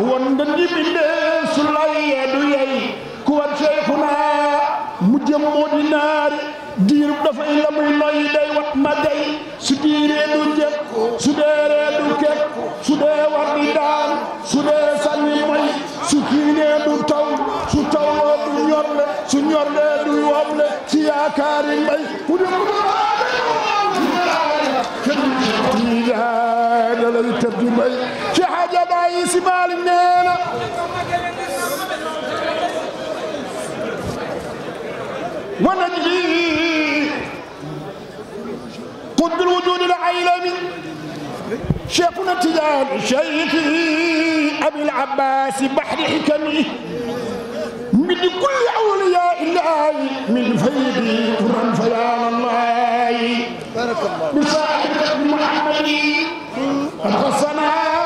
wonde ɗiɓiɓe sulaye ɗo yeyi kuwat cheikhuna mujjam moɗi naare diiru dafay lamuy noyi day wat ma day so diire ɗu jek suɗe reeɗu kek suɗe warɗi daan suɗe salli moy so fiine ɗu taw so tawo ɗu ñorle so ñorle ɗu woble si yakaari mbay huɗe ɗum aɗa na lay tarjumay ci xaajada yi si maalik nee na ونن لي قد الوجود العيلمي شيخنا تجان شيخي أبي العباس بحر حكمه بد كل أولياء الله من فيدي قرا فيا الله بصاحبك محمد قد خصنا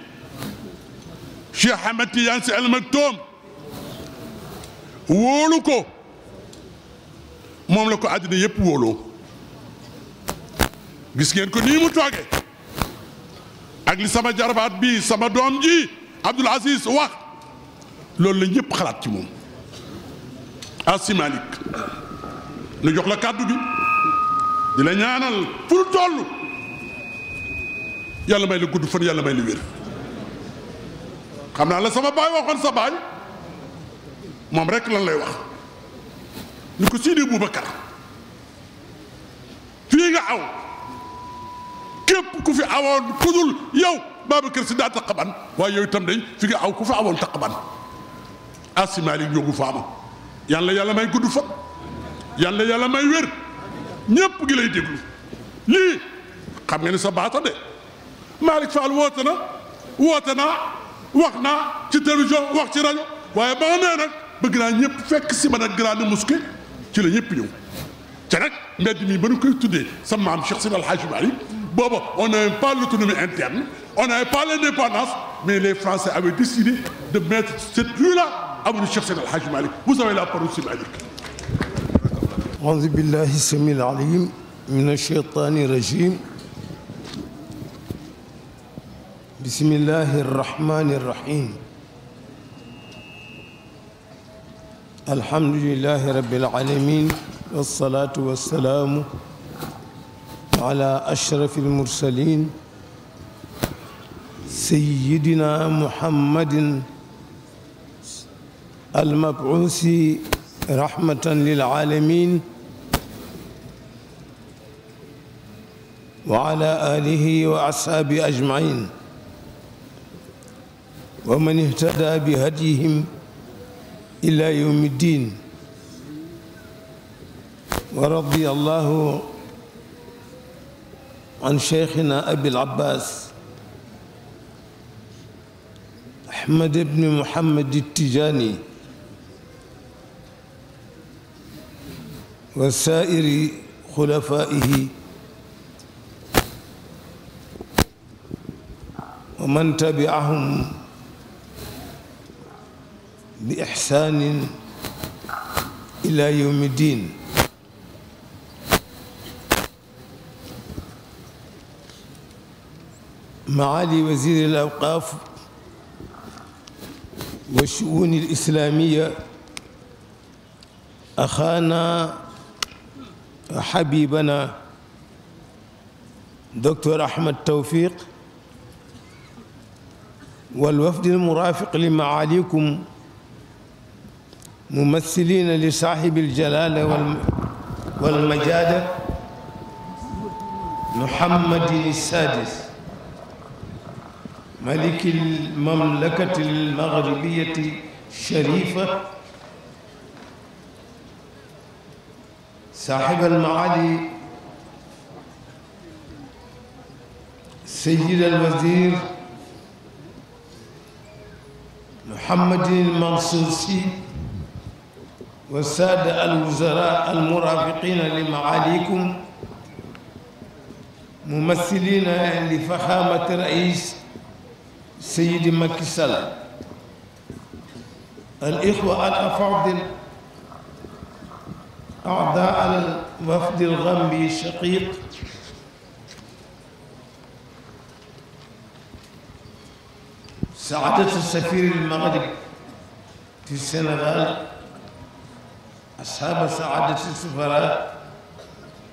Cheikh Ahmed Tidiane Sy Al Maktoum wóolu ko moom la ko àddina yëpp wóoloo gis ngeen ko nii mu tooge ak li sama jarbaat bii sama doom ji Abdoul Aziz wax loolu la ñëpp xalaat ci moom Asi Malick nu jox la kàddu bi di la ñaanal pour toll yàlla may la gudd fan yàlla may la wér am naa la sama baay waxoon sa moom rek lan lay wax ñu ko Sidi Boubacar fii nga aw képp ku fi awoon ku dul yow Babacar taqaban waaye yow itam dañ fi aw ku fi awoon taqaban asimaali njóogu faama yàlla yàlla may gudd fa yàlla yàlla may wér ñépp gi lay déglu lii xam nga ne de Malick Fall woote na wax naa ci télévision wax ci rajo waaye ba nee nag bëgg naa ñëpp fekk si ma nag grande mosquée ci la ñëpp ñëw te nag mbedd mi ba nu koy tuddee sa maam Cheikh Sidi El Hadj Malick booba on n'avait pas interne on n'avait pas l'indépendance mais les Français avaient décidé de mettre cette rue-là avenue Cheikh Sidi El Hadj Malick vous la parole si بسم الله الرحمن الرحيم الحمد لله رب العالمين والصلاة والسلام على أشرف المرسلين سيدنا محمد المبعوث رحمة للعالمين وعلى آله وأصحابه أجمعين ومن اهتدى بهديهم إلى يوم الدين ورضي الله عن شيخنا أبي العباس أحمد بن محمد التجاني وسائر خلفائه ومن تبعهم bi ixsaanin ila yowmi diin maali wasir al awqaaf wa shu'uun al islaamiya axaana xabibana docteur Ahmed Tawfiq wal wafd al muraafiq li maalikum ممثلين لصاحب الجلالة والمجادة محمد السادس ملك المملكة المغربية الشريفة صاحب المعالي سيد الوزير محمد المنصوصي والسادة الوزراء المرافقين لمعاليكم ممثلين لفخامة رئيس سيد مكي سال الإخوة الأفاضل أعضاء الوفد الغامبي الشقيق سعادة السفير المغرب في السنغال أصحاب سعادة السفراء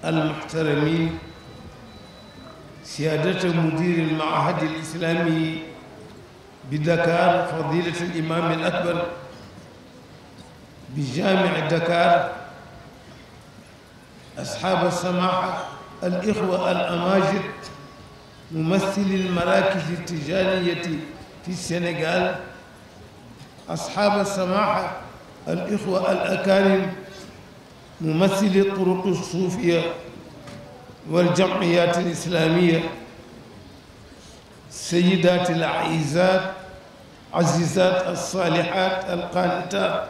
المحترمين سيادة مدير المعهد الإسلامي بدكار فضيلة الإمام الأكبر بجامع دكار أصحاب السماحة الإخوة الأماجد ممثلي المراكز التجارية في السنغال أصحاب السماحة الإخوة الأكارم ممثلي الطرق الصوفية والجمعيات الإسلامية سيدات العزيزات عزيزات الصالحات القانتات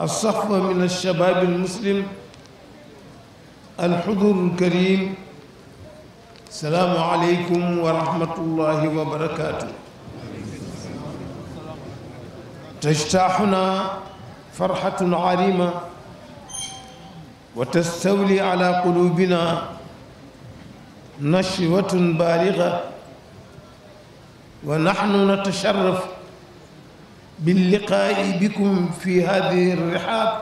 الصفوة من الشباب المسلم الحضور الكريم السلام عليكم ورحمة الله وبركاته تجتاحنا فرحة عارمة وتستولي على قلوبنا نشوة بالغة ونحن نتشرف باللقاء بكم في هذه الرحاب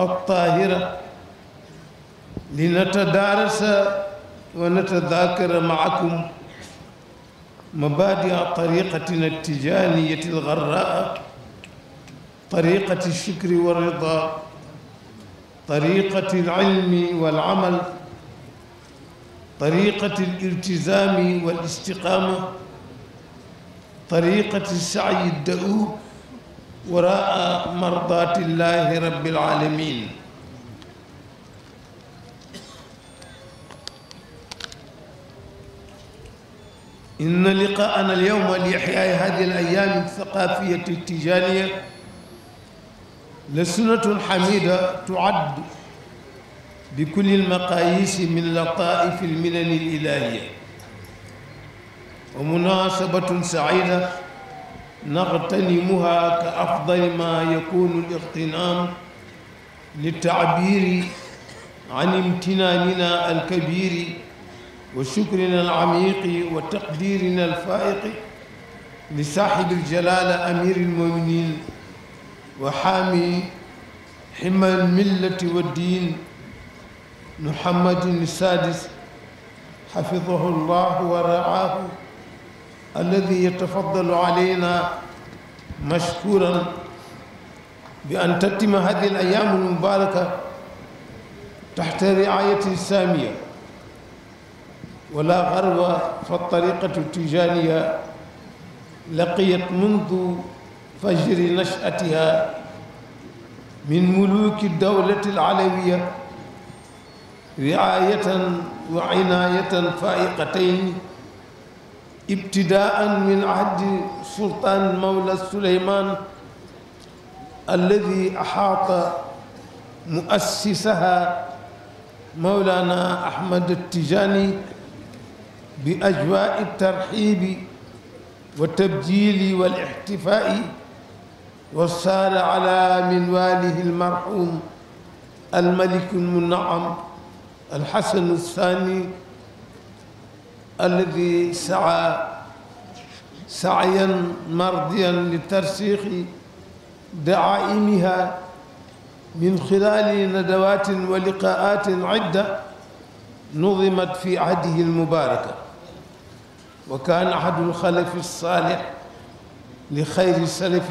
الطاهرة لنتدارس ونتذاكر معكم مبادئ طريقتنا التجانية الغراء tariqati shukri wa rida tariqati alilmi wal amal tariqati aliltizami wal istiqama tariqati saayi daub waraa mardati llahi rabbil alamin inna liqaana alyawma li ihyaa'i haadihi al ayyaami ath-thaqaafiyyati at-tijaaniyya la sunnatul xamida tuadd bi kulli lmaqayisi min lataifi lminani lilahiya wa munasabatun saida نغتنمها كأفضل ما يكون الاغتنام للتعبير عن امتناننا الكبير وشكرنا العميق وتقديرنا الفائق لصاحب الجلال أمير المؤمنين وحامي حمى الملة والدين محمد السادس حفظه الله ورعاه الذي يتفضل علينا مشكورا بأن تتم هذه الأيام المباركة تحت رعاية سامية ولا غرب فالطريقة التجارية لقيت منذ fajri nachatiha min muluki dawlati alawiya wiayatan wa inayatan faiqatayn ibtidaan min ahdi sultan mawla suleyman alladi ahaata muassisaha mawlana ahmad attijani bi ajwaai tarxibi wa tabjili wal ixtifai وصار على منواله المرحوم الملك المنعم الحسن الثاني الذي سعى سعيا مرضيا لترسيخ دعائمها من خلال ندوات ولقاءات عدة نظمت في عهده المباركة وكان أحد الخلف الصالح لخير سلف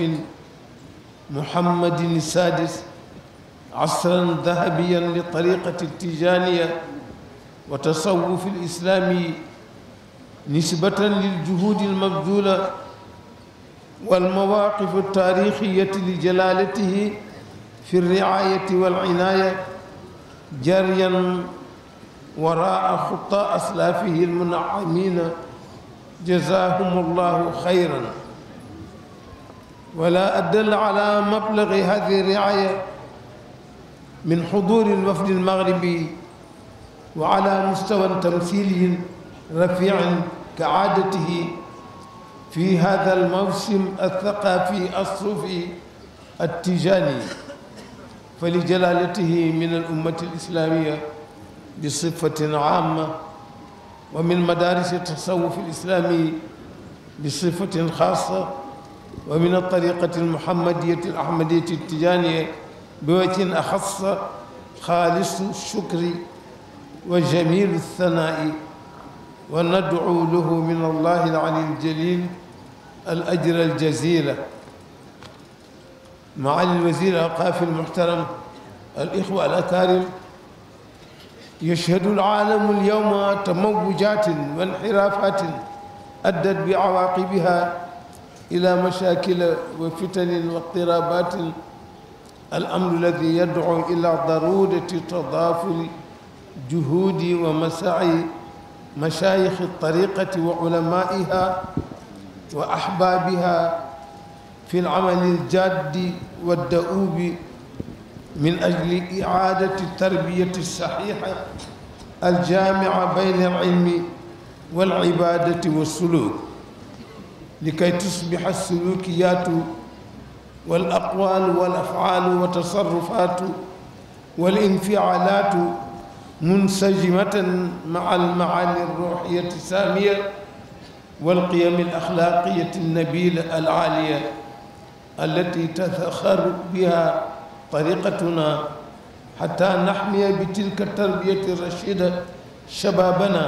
محمد السادس عصرا ذهبيا للطريقة التجانية وتصوف الإسلامي نسبة للجهود المبذولة والمواقف التاريخية لجلالته في الرعاية والعناية جريا وراء خطى أسلافه المنعمين جزاهم الله خيراً ولا أدل على مبلغ هذه الرعاية من حضور الوفد المغربي وعلى مستوى تمثيلي رفيع كعادته في هذا الموسم الثقافي الصوفي التجاني فلجلالته من الأمة الإسلامية بصفة عامة ومن مدارس التصوف الإسلامي بصفة خاصة wa min altariqati almuhammadiyati alahmadiyati altijaniya bi wajhin axassa xaalisu shukri wa jamilu althanaai wa nadcu lahu min allahi alali aljalil alajra aljazila معالي الوزير القافي المحترم الإخوة الأكارم يشهد العالم اليوم تموجات وانحرافات أدت بعواقبها إلى مشاكل وفتن واضطرابات الأمر الذي يدعو إلى ضرورة تضافر جهود ومساعي مشايخ الطريقة وعلمائها وأحبابها في العمل الجاد والدؤوب من أجل إعادة التربية الصحيحة الجامعة بين العلم والعبادة والسلوك likay tusbixa sulukiyaatu wal aqwaalu wal afaalu wa tasarrufaatu wal infialaatu munsajimatan maa almacaani ruuxiyati saamiya wal qiyami alaxlaaqiyati nabila alaaliya allati tafaxaru biha tariqatuna xata naxmiya bi tilka tarbiyati rachida shabaabana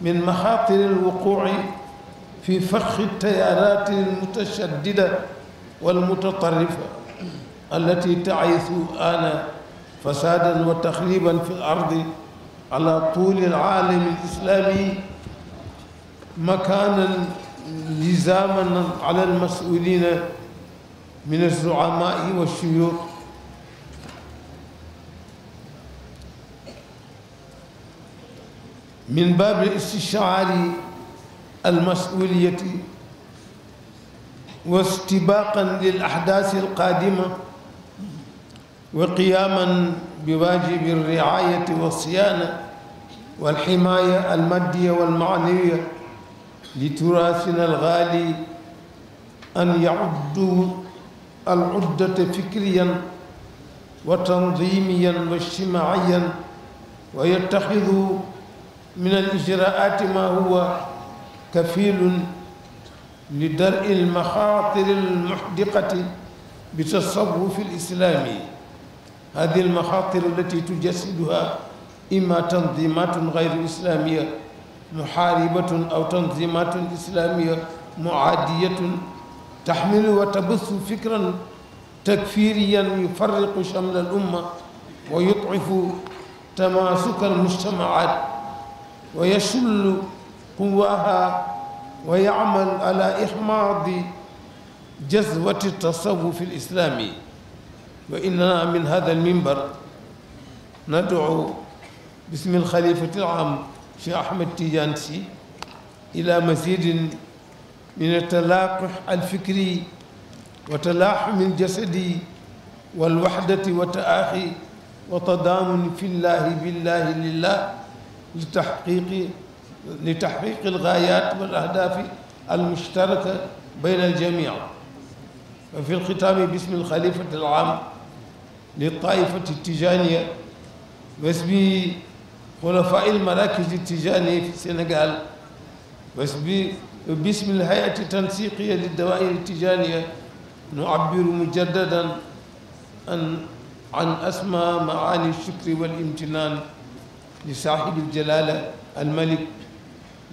min maxaatiri alwuquuci في فخ التيارات المتشددة والمتطرفة التي تعيث آنا فسادا وتخريبا في الأرض على طول العالم الإسلامي مكانا لزاما على المسؤولين من الزعماء والشيوخ من باب الاستشعار المسؤولية واستباقا للأحداث القادمة وقياما بواجب الرعاية والصيانة والحماية المادية والمعنوية لتراثنا الغالي أن يعدوا العدة فكريا وتنظيميا واجتماعيا ويتخذوا من الإجراءات ما هو كفيل لدرء المخاطر المحدقة بالتصوف الإسلامي هذه المخاطر التي تجسدها إما تنظيمات غير إسلامية محاربة أو تنظيمات إسلامية معادية تحمل وتبث فكرا تكفيريا يفرق شمل الأمة ويضعف تماسك المجتمعات ويشل قواها ويعمل على إحماض جذوة التصوف الإسلامي وإننا من هذا المنبر ندعو باسم الخليفة العام شيخ أحمد تيجانسي إلى مزيد من التلاقح الفكري وتلاحم الجسدي والوحدة وتآخي وتضامن في الله بالله لله لتحقيق لتحقيق الغايات والأهداف المشتركة بين الجميع وفي الختام باسم الخليفة العام للطائفة التجانية واسم خلفاء المراكز التجانية في السنغال وباسم الهيئة التنسيقية للدوائر التجانية نعبر مجددا عن عن أسمى معاني الشكر والامتنان لصاحب الجلالة الملك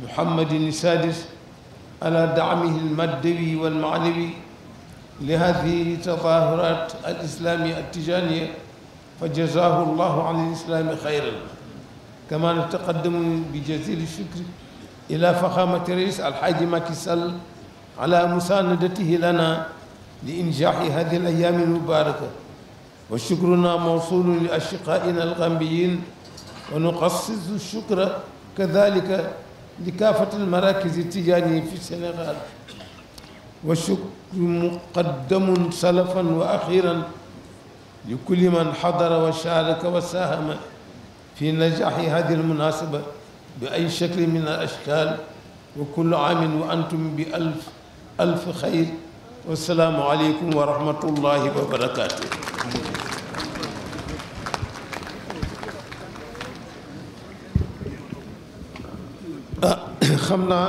محمد السادس على دعمه المادي والمعنوي لهذه التظاهرات الإسلامية التجانية فجزاه الله عن الإسلام خيرا كما نتقدم بجزيل الشكر إلى فخامة رئيس الحاج ماكي سال على مساندته لنا لإنجاح هذه الأيام المباركة وشكرنا موصول لأشقائنا الغامبيين ونخصص الشكر كذلك لكافة المراكز التجارية في السنغال والشكر مقدم سلفا وأخيرا لكل من حضر وشارك وساهم في نجاح هذه المناسبة بأي شكل من الأشكال وكل عام وأنتم بألف ألف خير والسلام عليكم ورحمة الله وبركاته xam naa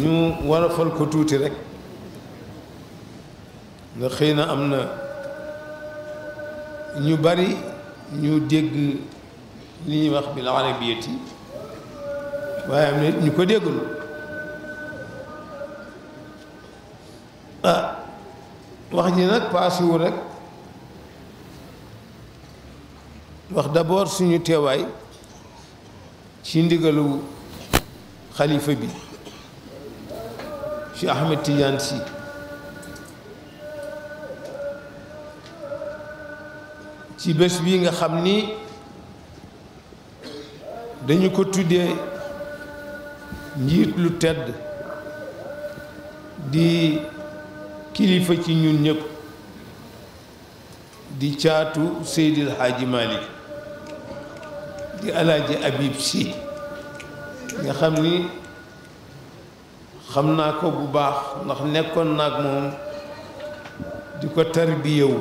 ñu war a fal ko tuuti rek ndax xëy na am na ñu bari ñu dégg li ñuy wax bil arabiyati waaye am na ñu ko déggul ah, wax ji nag paasiwul rek wax d'abord suñu teewaay ci ndigalu xalifa bi ci Ahmed Tidiane ci bés bi nga xam ni dañu ko tuddee njiit lu tedd di kilifa ci ñun ñëpp di caatu Seydil Hadji Malick di alaaji Habib Sy nga xam ni xam naa ko bu baax ndax nekkoon naa ak moom di ko tarbiyewu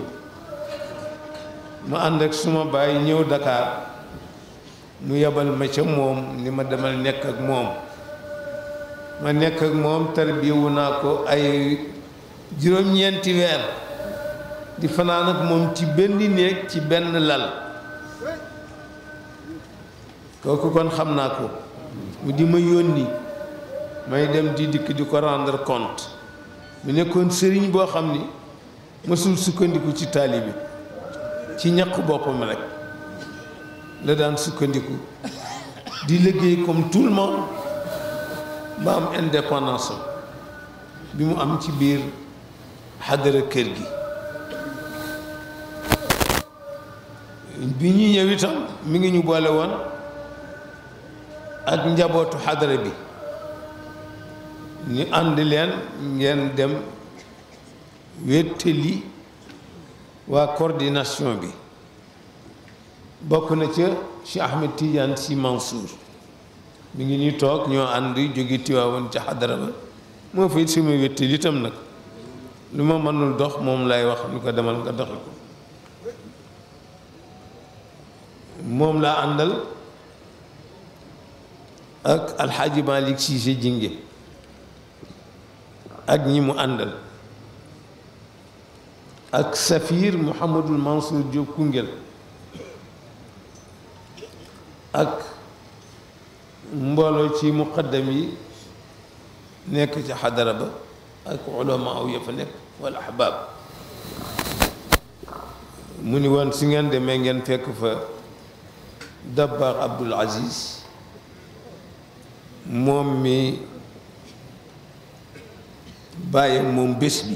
ma ànd ak suma baay ñëw dakaar mu yebal ma ca moom ni ma demal nekk ak moom ma nekk ak moom tarbiyewu naa ko ay juróom-ñeenti weer di fanaan ak moom ci benn néeg ci benn lal kooku kon xam naa ko mu di ma yónni may dem di dikk di ko rendre compte mu nekkoon sëriñ boo xam ni mësul sukkandiku ci taalibi ci ñaq boppam rek la daan sukkandiku di liggéey comme tout le monde am indépendance bi mu am ci biir xadara kër gi bi ñu ñëw itam mi ngi ñu boole woon ak njabootu xadara bi ñu ànd leen ngeen dem wéttali waa coordination bi bokk na ca Cheikh Ahmed Tidiane Sy Mansour mi ngi ñuy toog ñoo ànd jóge ca xadara ba moo fay suma wéttali itam nag lu ma mënul dox moom lay wax ñu ko demal nga doxi ko moom laa àndal ak alxaaji Malick Cissé jinge ak ñi mu àndal ak mu Safir Mouhamadul Mansour Diop Koungheul ak mbooloo ci muqaddam yi nekk ci xadara ba ak ulama ya fa nekk wal ahbaab mu ni woon si ngeen demee ngeen fekk fa Dabbaax Abdul Aziz moom mi bàyyi moom bés bi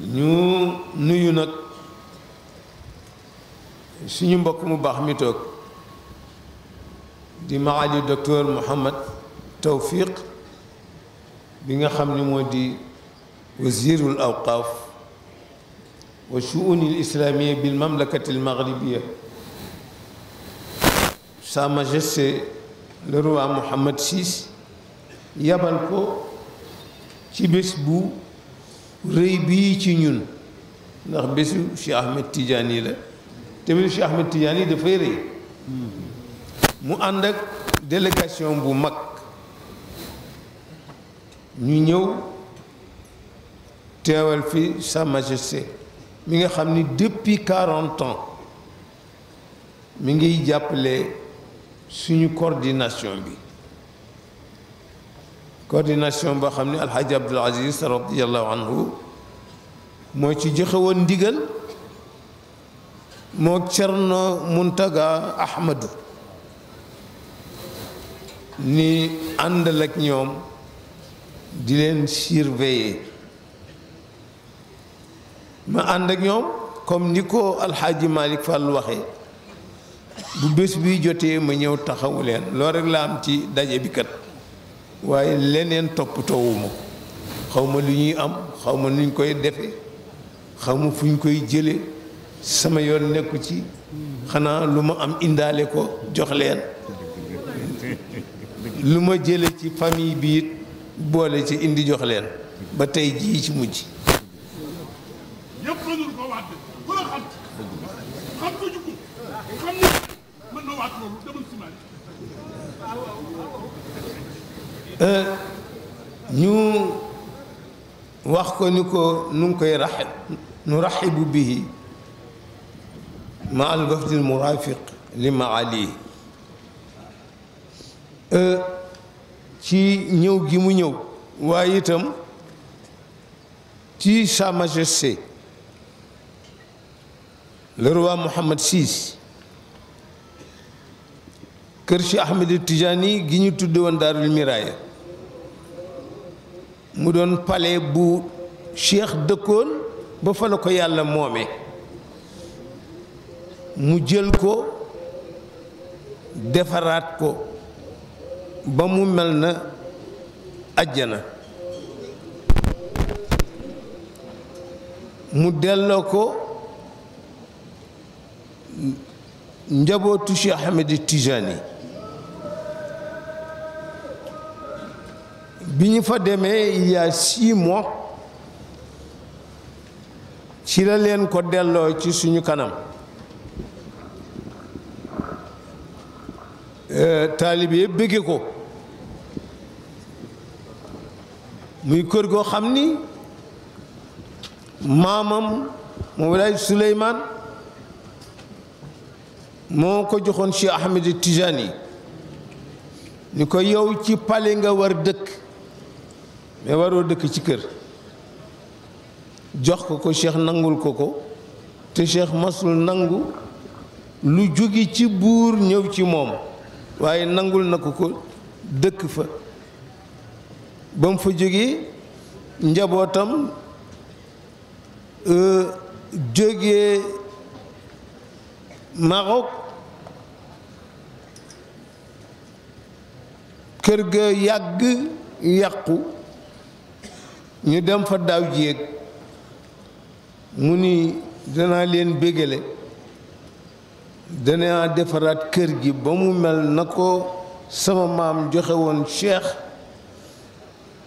ñu nuyu nag suñu mbokk mu baax mi toog di maali docteur Mouhammad Tawfiq bi nga xam ni moo di wazirul awqaaf wa shuuni l islaamia bil mamlakati Sa Majesté le roi Mohammed VI yabal ko ci bés bu rëy bii ci ñun ndax bésu Cheikh Ahmed Tidiane yi la te bésu Cheikh Ahmed Tidiane yi dafay rëy mu ànd ak délégation bu mag ñu ñëw teewal fi Sa Majesté mi nga xam ni depuis quarante ans mi ngiy jàppale suñu coordination bi coordination boo xam ni alxaaji abdul aziz radiallahu anhu moo ci joxe ndigal moo cerno muntaga ahmadu ni àndal ak ñoom di leen surveiller ma ànd ak ñoom comme ni ko alxaaji malik fall waxee bu bés bi jotee ma ñëw taxawu leen loolu rek la am ci daje bi kat waaye leneen toppatoowuma ko xaw ma lu ñuy am xaw ma nuñ koy defe xaw ma fu ñu koy jële sama yoon nekku ci xanaa lu ma am indaale ko jox leen lu ma jële ci famille bi boole ci indi jox leen ba tey jii ci mujj Euh, ñu wax ko ni ko nu ngi koy raxib nu raxibu bihi ma al wafdil murafiq li euh, ci ñëw gi mu ñëw waaye itam ci sa majesté le roi Mohammed VI kër Ahmed Tijani gi ñu tudd woon Daarul mu doon pale bu cheikh dëkkoon ba fa la ko yàlla moomee mu jël ko defaraat ko ba mu mel na ajjana mu delloo ko njabootu Cheikh Ahmed Tijani bi ñu fa demee il y a six ci la leen ko delloo ci suñu kanam euh, taalibe yëpp bëgge ko muy kër goo xam ni maamam Mawlaay Suleymaan moo ko joxoon Cheikh Ahmed Tijani ni ko yow ci pale nga war dëkk mais waroo dëkk ci kër jox ko ko cheikh nangul ko ko te cheikh masul nangu lu jóge ci buur ñëw ci moom waaye nangul na ko ko dëkk fa ba mu fa jógee njabootam euh, jógee Maroc kër ga yàgg yàqu ñu dem fa daaw jéeg mu ni danaa leen bégale danaa defaraat kër gi ba mu mel na ko sama maam joxewoon woon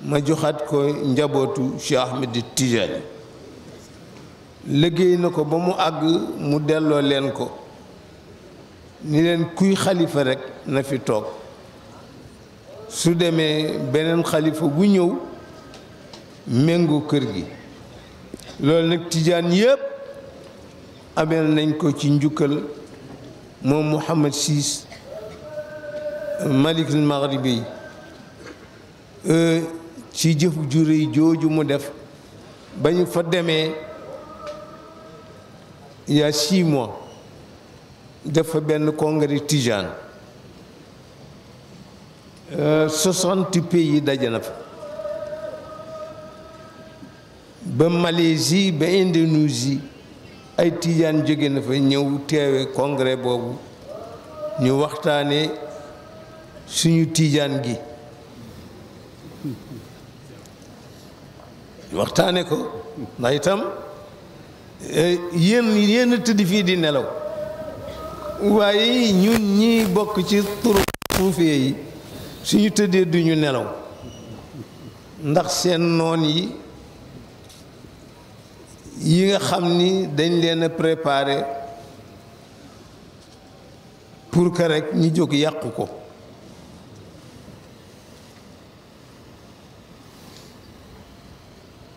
ma joxaat ko njabootu Cheikh Ahmed Tidiane liggéey na ko ba mu àgg mu delloo leen ko ni leen kuy xalifa rekk na fi toog su demee beneen xalifa bu ñëw méngoo kër gi loolu nag tijaan yépp ameel nañ ko ci njukkal moom Mouhamad Siis Malikul Maghribi e, ci jëf ju rëy jooju mu def ba ñu fa demee y a six mois dafa benn congrès tijaan e, soixante pays daje na fa ba Malaisie ba Indonésie ay tiijaan jóge na fa ñëw teewe congrès boobu ñu waxtaane suñu tiijaan gi waxtaane ko ndax itam yenn eh, yéen tëdd fii di nelaw waaye ñun ñi bokk ci turu suufee yi suñu tëddee duñu nelaw ndax seen noon yi yi nga xam ni dañ leen a préparé pour que rek ñu jóg yàq ko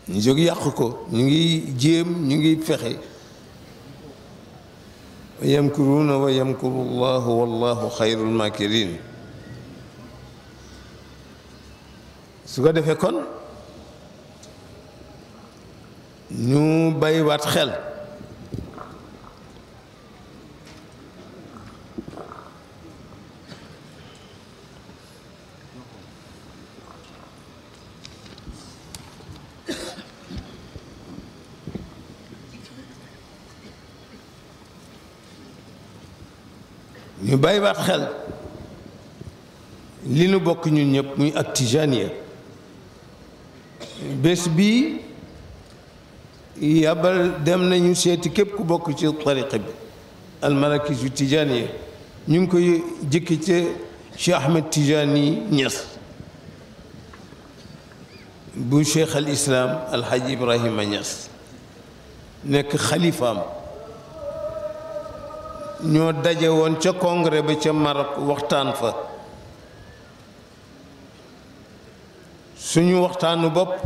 ñu jóg yàq ko ñu ngi jéem ñu ngi fexe wa yamkuruuna wa yamkuru llahu wallahu xayrul makirin su ko defee kon ñu bàyyiwaat xel ñu xel li nu bokk ñun ñëpp muy ak tijaaniya bés bii yabal dem nañu seeti képp ku bokk ci tariqa bi almarakis tijaaniya ñu ngi koy jëkki ca Cheikh Ahmed Tijaani Ñas bu cheikh al islaam alxaji ibrahima Ñas nekk xalifaam ñoo daje woon ca kongre ba ca Maroc waxtaan fa suñu waxtaanu bopp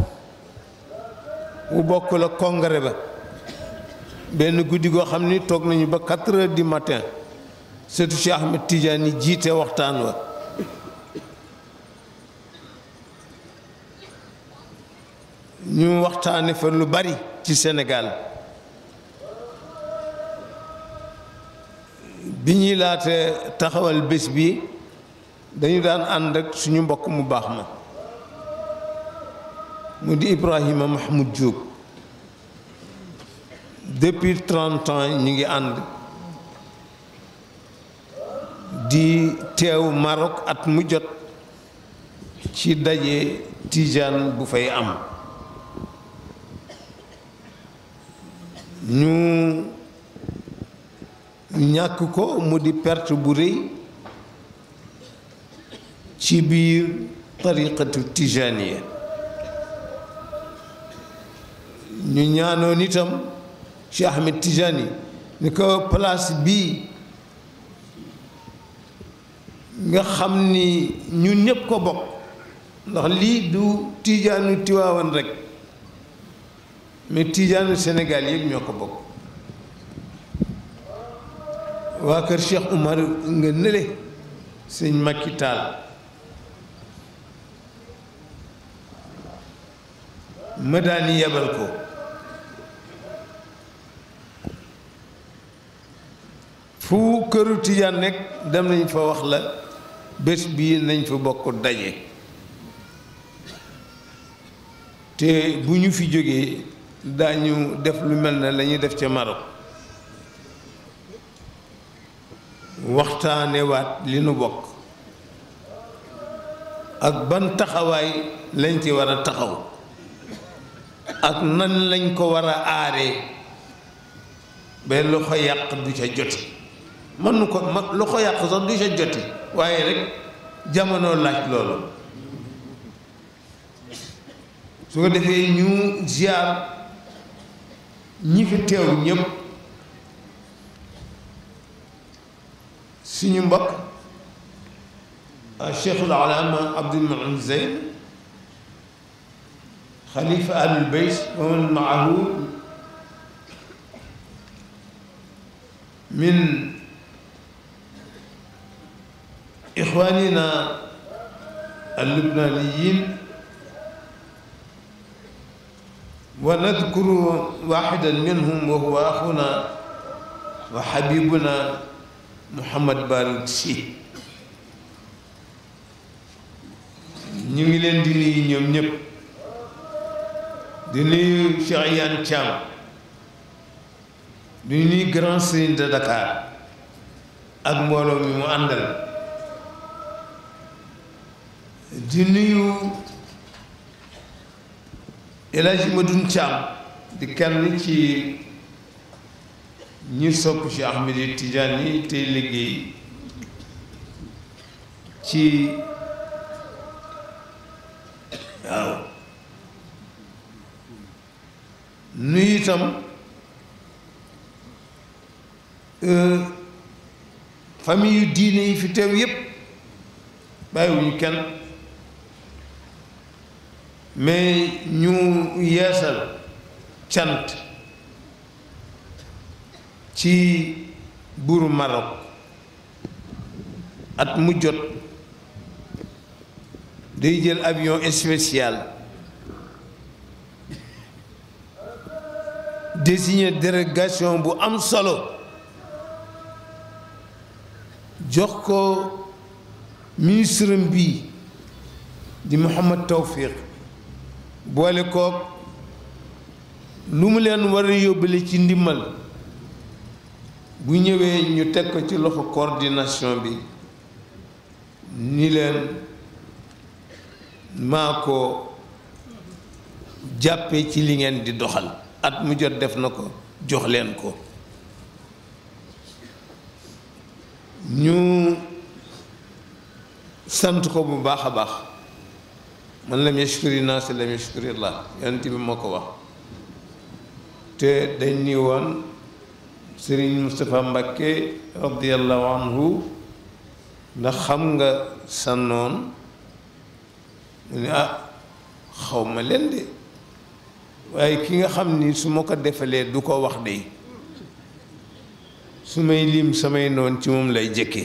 bu bokkul ak congrès ba benn guddi goo xam ni toog nañu ba quatre heures du matin surtout Cheikh Ahmed Tidiane jiite waxtaan wa ñu waxtaane fa lu bari ci senegal bi ñuy laate taxawal bés bi dañu daan ànd ak suñu mbokk mu baax ma mu di Ibrahima Mahmoud Diop depuis trente ans ñu ngi ànd di teew marok at mu jot ci daje tijaan bu fay am ñu ñàkk ko mu di perte bu rëy ci biir tariqatu tijaaniya ñu ñaanoon itam Cheikh Ahmed Tijani ni ko place bii nga xam ni ñun ñëpp ko bokk ndax lii du tiijaanu Tiwaawan rek mais tiijaanu Sénégal yëpp ñoo ko bokk waa kër Cheikh Oumar nga nële sëñ Makki Taal ma daani yebal ko fu këru tijaan nekk dem nañ fa wax la bés bii nañ fa bokk daje te bu ñu fi jógee dañu def lu mel ne la def ca Maroc waxtaanewaat li nu bokk ak ban taxawaay lañ ci war a taxaw ak nan lañ ko war a aaree ba loxo yàq du ca joti mën nu ko mag lu ko yàq waaye rek jamono laaj loolu su ko defee ñu ziar ñi fi teew ñëpp suñu mbokk cheikhul alama abdul malim zeyn xalifa ahlul bayt wa man maahu min إخواننا اللبنانيين ونذكر واحدا منهم وهو أخونا وحبيبنا محمد بارك سي ñu ngi leen di nuyu ñoom ñëpp di nuyu Cheikh Yane Thiam di nuyu grand serigne Dakar ak mbooloo mi mu àndal di nuyu El Hadj Madoun Thiam di kenn ci ñi sopp ci Ahmed Tidiane yi tey liggéey ci waaw nuyu itam euh, famille yu diine yi fi teew yépp bàyyiwuñu kenn mais ñu yeesal cant ci buuru Maroc at mu day jël avion spécial désigné délégation bu am solo jox ko ministre bi di Mouhamed Tawfiq boole koog lu mu leen war a yóbbale ci ndimmal bu ñëwee ñu teg ko ci loxo coordination bi ni leen maa ko jàppe ci li ngeen di doxal at mu jot def na ko jox leen ko ñu sant ko bu baax a baax man lam yashkuri naas lam yashkuri Allah yonent bi moo ko wax te dañ ni woon Serigne Moustapha Mbacké radiallahu anhu ndax xam nga sànnoon mu ne ah xaw ma leen de waaye ki nga xam ni su ma ko defalee du ko wax de su may lim samay noon ci moom lay jëkke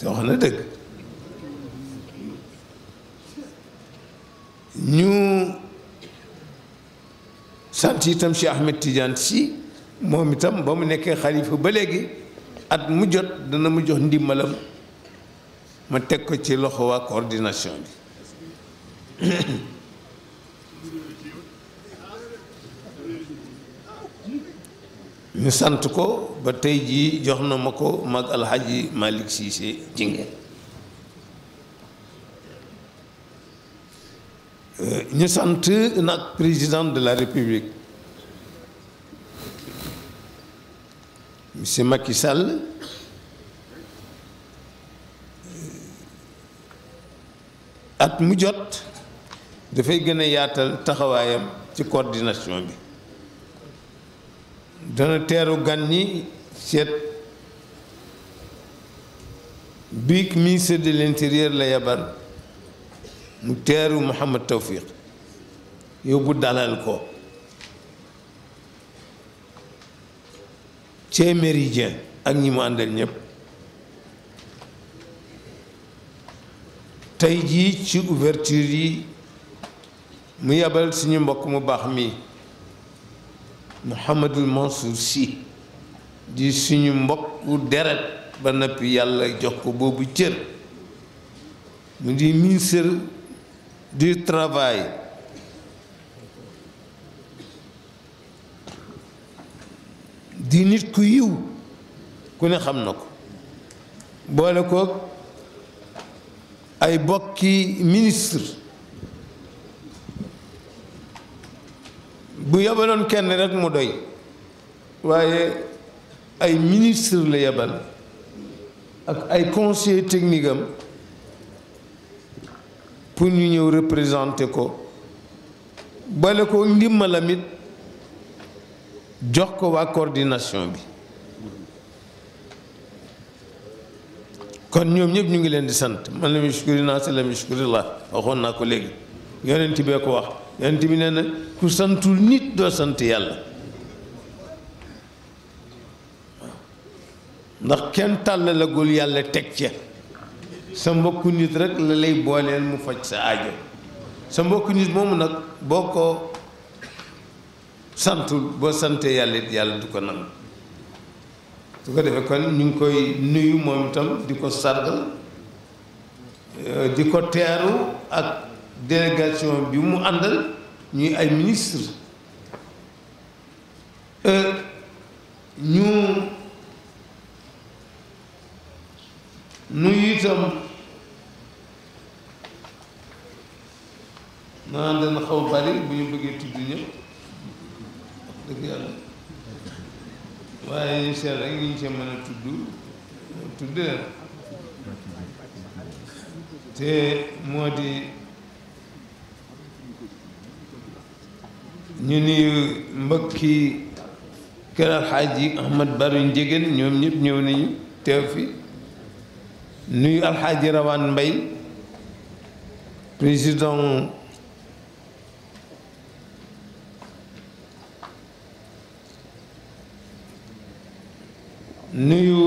soo xam na dëgg ñu sant itam si moom itam ba mu nekkee xalifa ba léegi at mu jot dana mu jox ndimbalam ma teg ko ci loxo waa coordination bi sant ko ba tey jii jox na ma ko mag alxaji Malick Cissé Jingé Euh, ñu sant nag président de la république monsieur Macky Sall euh, at mu jot dafay gën a yaatal taxawaayam ci coordination bi dana teeru gan ñi seet biig ministre de l'intérieur la yabal mu teeru Mouhamad Tawfiq yóbbu dalal ko cee méridien ak ñi mu àndal ñépp tey jii ci ouverture yi mu yebal suñu mbokk mu baax mi Mouhamadul Mansour Sy di suñu mbokku deret ba noppi yàlla jox ko boobu cër mu di ministre du travail. di nit ku yiw ku ne xam na ko boole koog ay bokki ministre bu yabaloon kenn rek mu doy waaye ay ministre la yabal ak ay conseil technique pour ñu ñëw représenté ko bale ko ndimmalamit jox ko waa coordination bi kon ñoom ñëpp ñu ngi leen di sant man lam yushkuri naa sa lam waxoon naa ko léegi yonent bee ko wax yonent bi nee na ku santul nit doo sant yàlla ndax kenn tàllalagul yàlla teg ca sa mbokku nit rek la lay booleel mu faj sa aajo sa mbokku nit moomu nag boo ko santul boo santee yàlla yàlla du ko nangu su ko defee kon ñu ngi koy nuyu moom itam di ko sargal euh, di ko teeru ak délégation bi mu àndal ñuy ay ministre euh, tudd te moo di ñu ni mbokki kër alxaaji Ahmad Baru Njegen ñoom ñëpp ñëw nañu teew fi nuyu alxaaji Rawaan Mbay président nuyu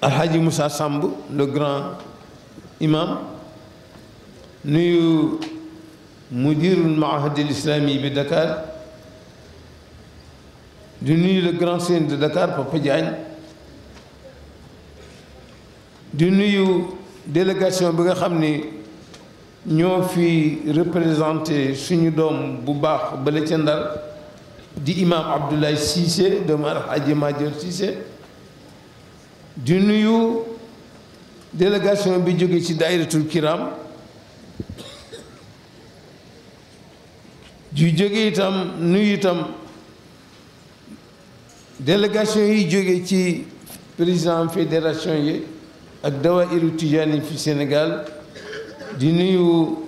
alxaaji Moussa Samb le grand imam nuyu mudirul mahadil islami bi Dakar di nuyu le grand sëriñ de Dakar Papa Diagne di nuyu délégation bi nga xam ni ñoo fi représenté suñu doom bu baax bala ca Ndar di imam Abdoulaye Cissé doomu alxaaji Madior Cissé di nuyu délégation bi jóge ci daayiratul kiram ju jóge itam nuyu itam délégation yi jóge ci président fédération yi ak dawairu tijaani fi Sénégal di nuyu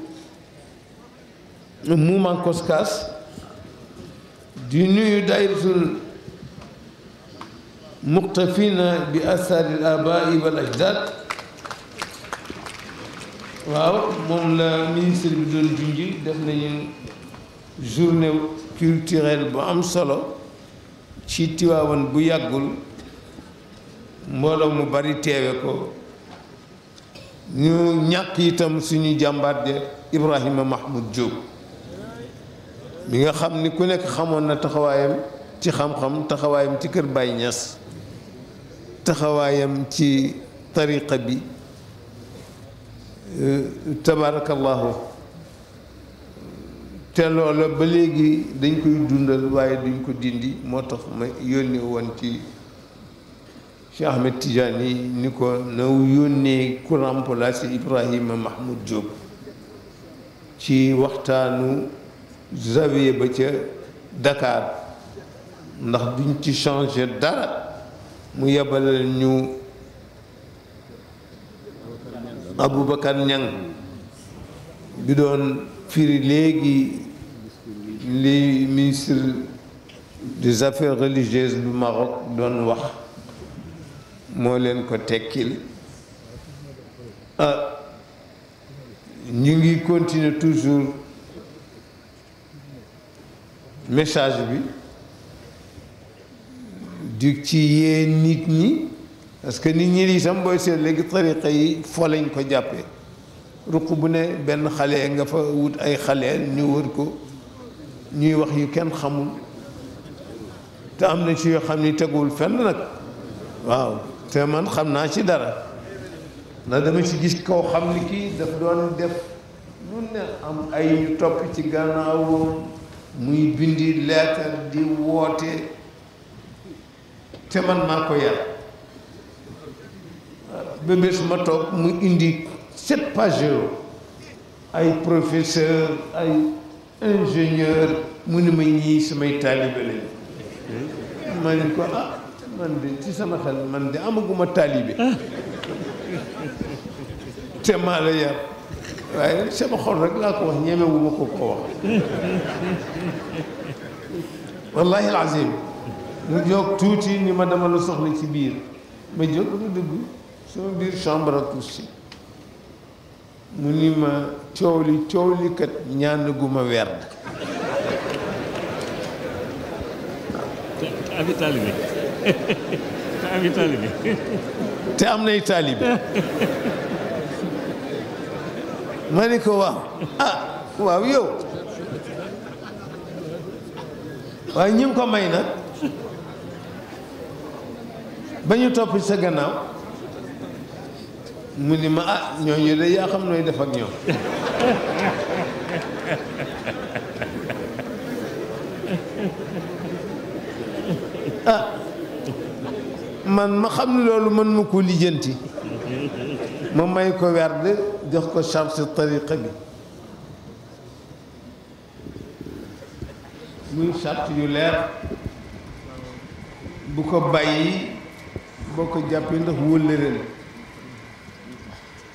mouvement Koskas di nuyu daayiratul muqtafina bi asaari al abai wal waaw moom la ministre bi doon junji def nañu journée culturelle bu am solo ci Tiwaawan bu yàggul mbooloo mu bari teewe ko ñu ñàkk itam suñu jàmbaat ja Ibrahima Mahmoud Diop mi nga xam ni ku nekk xamoon na taxawaayam ci xam-xam taxawaayam ci kër Baye Niass taxawaayam ci tariqa bi euh, tabaarakallaahu te loola ba léegi dañ koy dundal waaye duñ ko dindi moo tax ma yónni woon ci Cheikh Ahmed Tidiane yi ni ko naw yónnee ku remplacé Ibrahima Mahmoud Diop ci waxtaanu zawiya ba ca dakaar ndax duñ ci changé dara mu yebalal ñu abu Aboubacar Niang bi doon firi léegi li ministre des affaires religieuses du Maroc doon wax moo leen ko tekkil ah ñu ngi continuer toujours message bi di ci yee nit ñi parce que nit ñi itam booy seet léegi tariqa yi fo lañ ko jàppee ruq bu ne benn xale nga fa wut ay xale ñu wër ko ñuy wax yu kenn xamul te am na ci yoo xam ni tegul fenn nag waaw te man xam naa ci dara ndax dama ci gis koo xam ni kii daf doon def lu ne am ay ñu topp ci gànnaawoon muy bindi leetar di woote te man maa ko yar ba bés ma toog mu indi sept pages ay professeur ay ingénieur mu ne ma ñii samay taalibe lañ ma ko ah man de ci sama xel man de amaguma taalibe te maa la yar waaye sama xol rek laa ko wax ñeme wu ma ko ko wax wallahi alazim ñu jóg tuuti ni ma dama la soxla ci biir ma jóg ma dugg sama biir chambre à coucher mu ni ma coow li coow li kat ñaan gu ma weer abi te am nay taalibe ma ni ko waaw ah, waaw yow waaye ñi ko may na ba ñu topp sa gannaaw mu ni ma ah ñooñu de yaa xam nooy def ak ñoom ah man ma xam ne loolu mën ma ko lijjanti ma may ko werd jox ko charte tariqa bi muy charte yu leer bu ko bàyyi boo ko jàppee ndax wóllëre la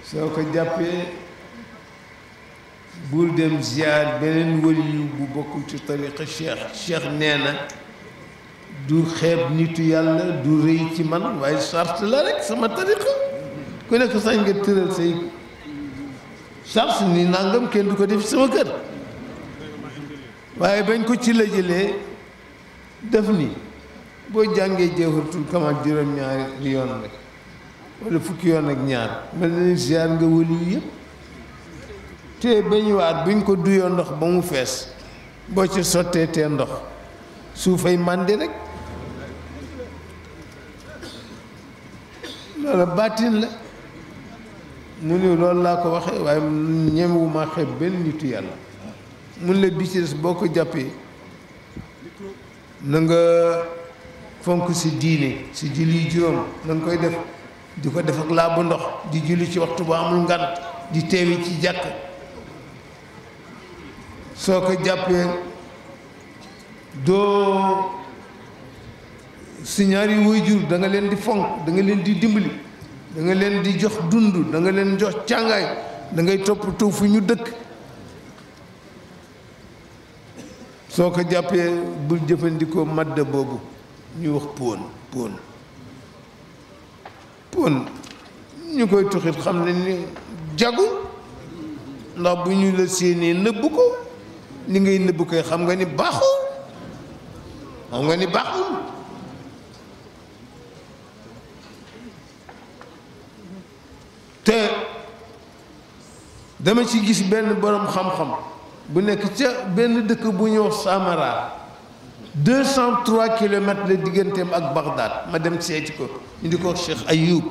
soo ko jàppee bul dem ziar beneen wëliyu bu bokk ci tariqa cheikh cheikh nee na du xeeb nitu yàlla du rëy ci man waaye sart la rek sama tariqa ku nekk sañ nga tëral say sart ni nangam kenn du ko def sama kër waaye bañ ko ci la jëlee def ni boo jàngee jeexatul kamal juróom-ñaari yoon rek wala fukki yoon ak ñaar mel na ni ziar nga wëli yu yëpp te beñuwaat buñ ko duyoo ndox ba mu fees boo ci sottee te ndox suufay màndi rek mu ni loolu laa ko waxee waaye ñemewuma xeeb benn nitu yàlla mun la bi boo ko jàppee na fonk si diine si julli juróom nan koy def di ko def ak laabu ndox di julli ci waxtu bu amul ngant di teewi ci jàkk soo ko jàppee doo si ñaari waajur danga leen di fonk danga leen di dimbali danga leen di jox dund danga leen jox càngaay dangay ngay toppatoo ñu dëkk soo ko jàppee bul jëfandikoo madd boobu ñu wax poon poon póon ñu koy tuxit xam ne ni jagu ndax bu ñu la séenee nëbb ko li ngay nëbb koy xam nga ni baaxul xam nga ni baaxul te dama ci gis benn boroom xam-xam bu nekk ca benn dëkk bu ñuy wax Samara deux cent trois kilomètres la digganteem ak Bagdad ma dem seeti ko ñu di ko Cheikh Ayoub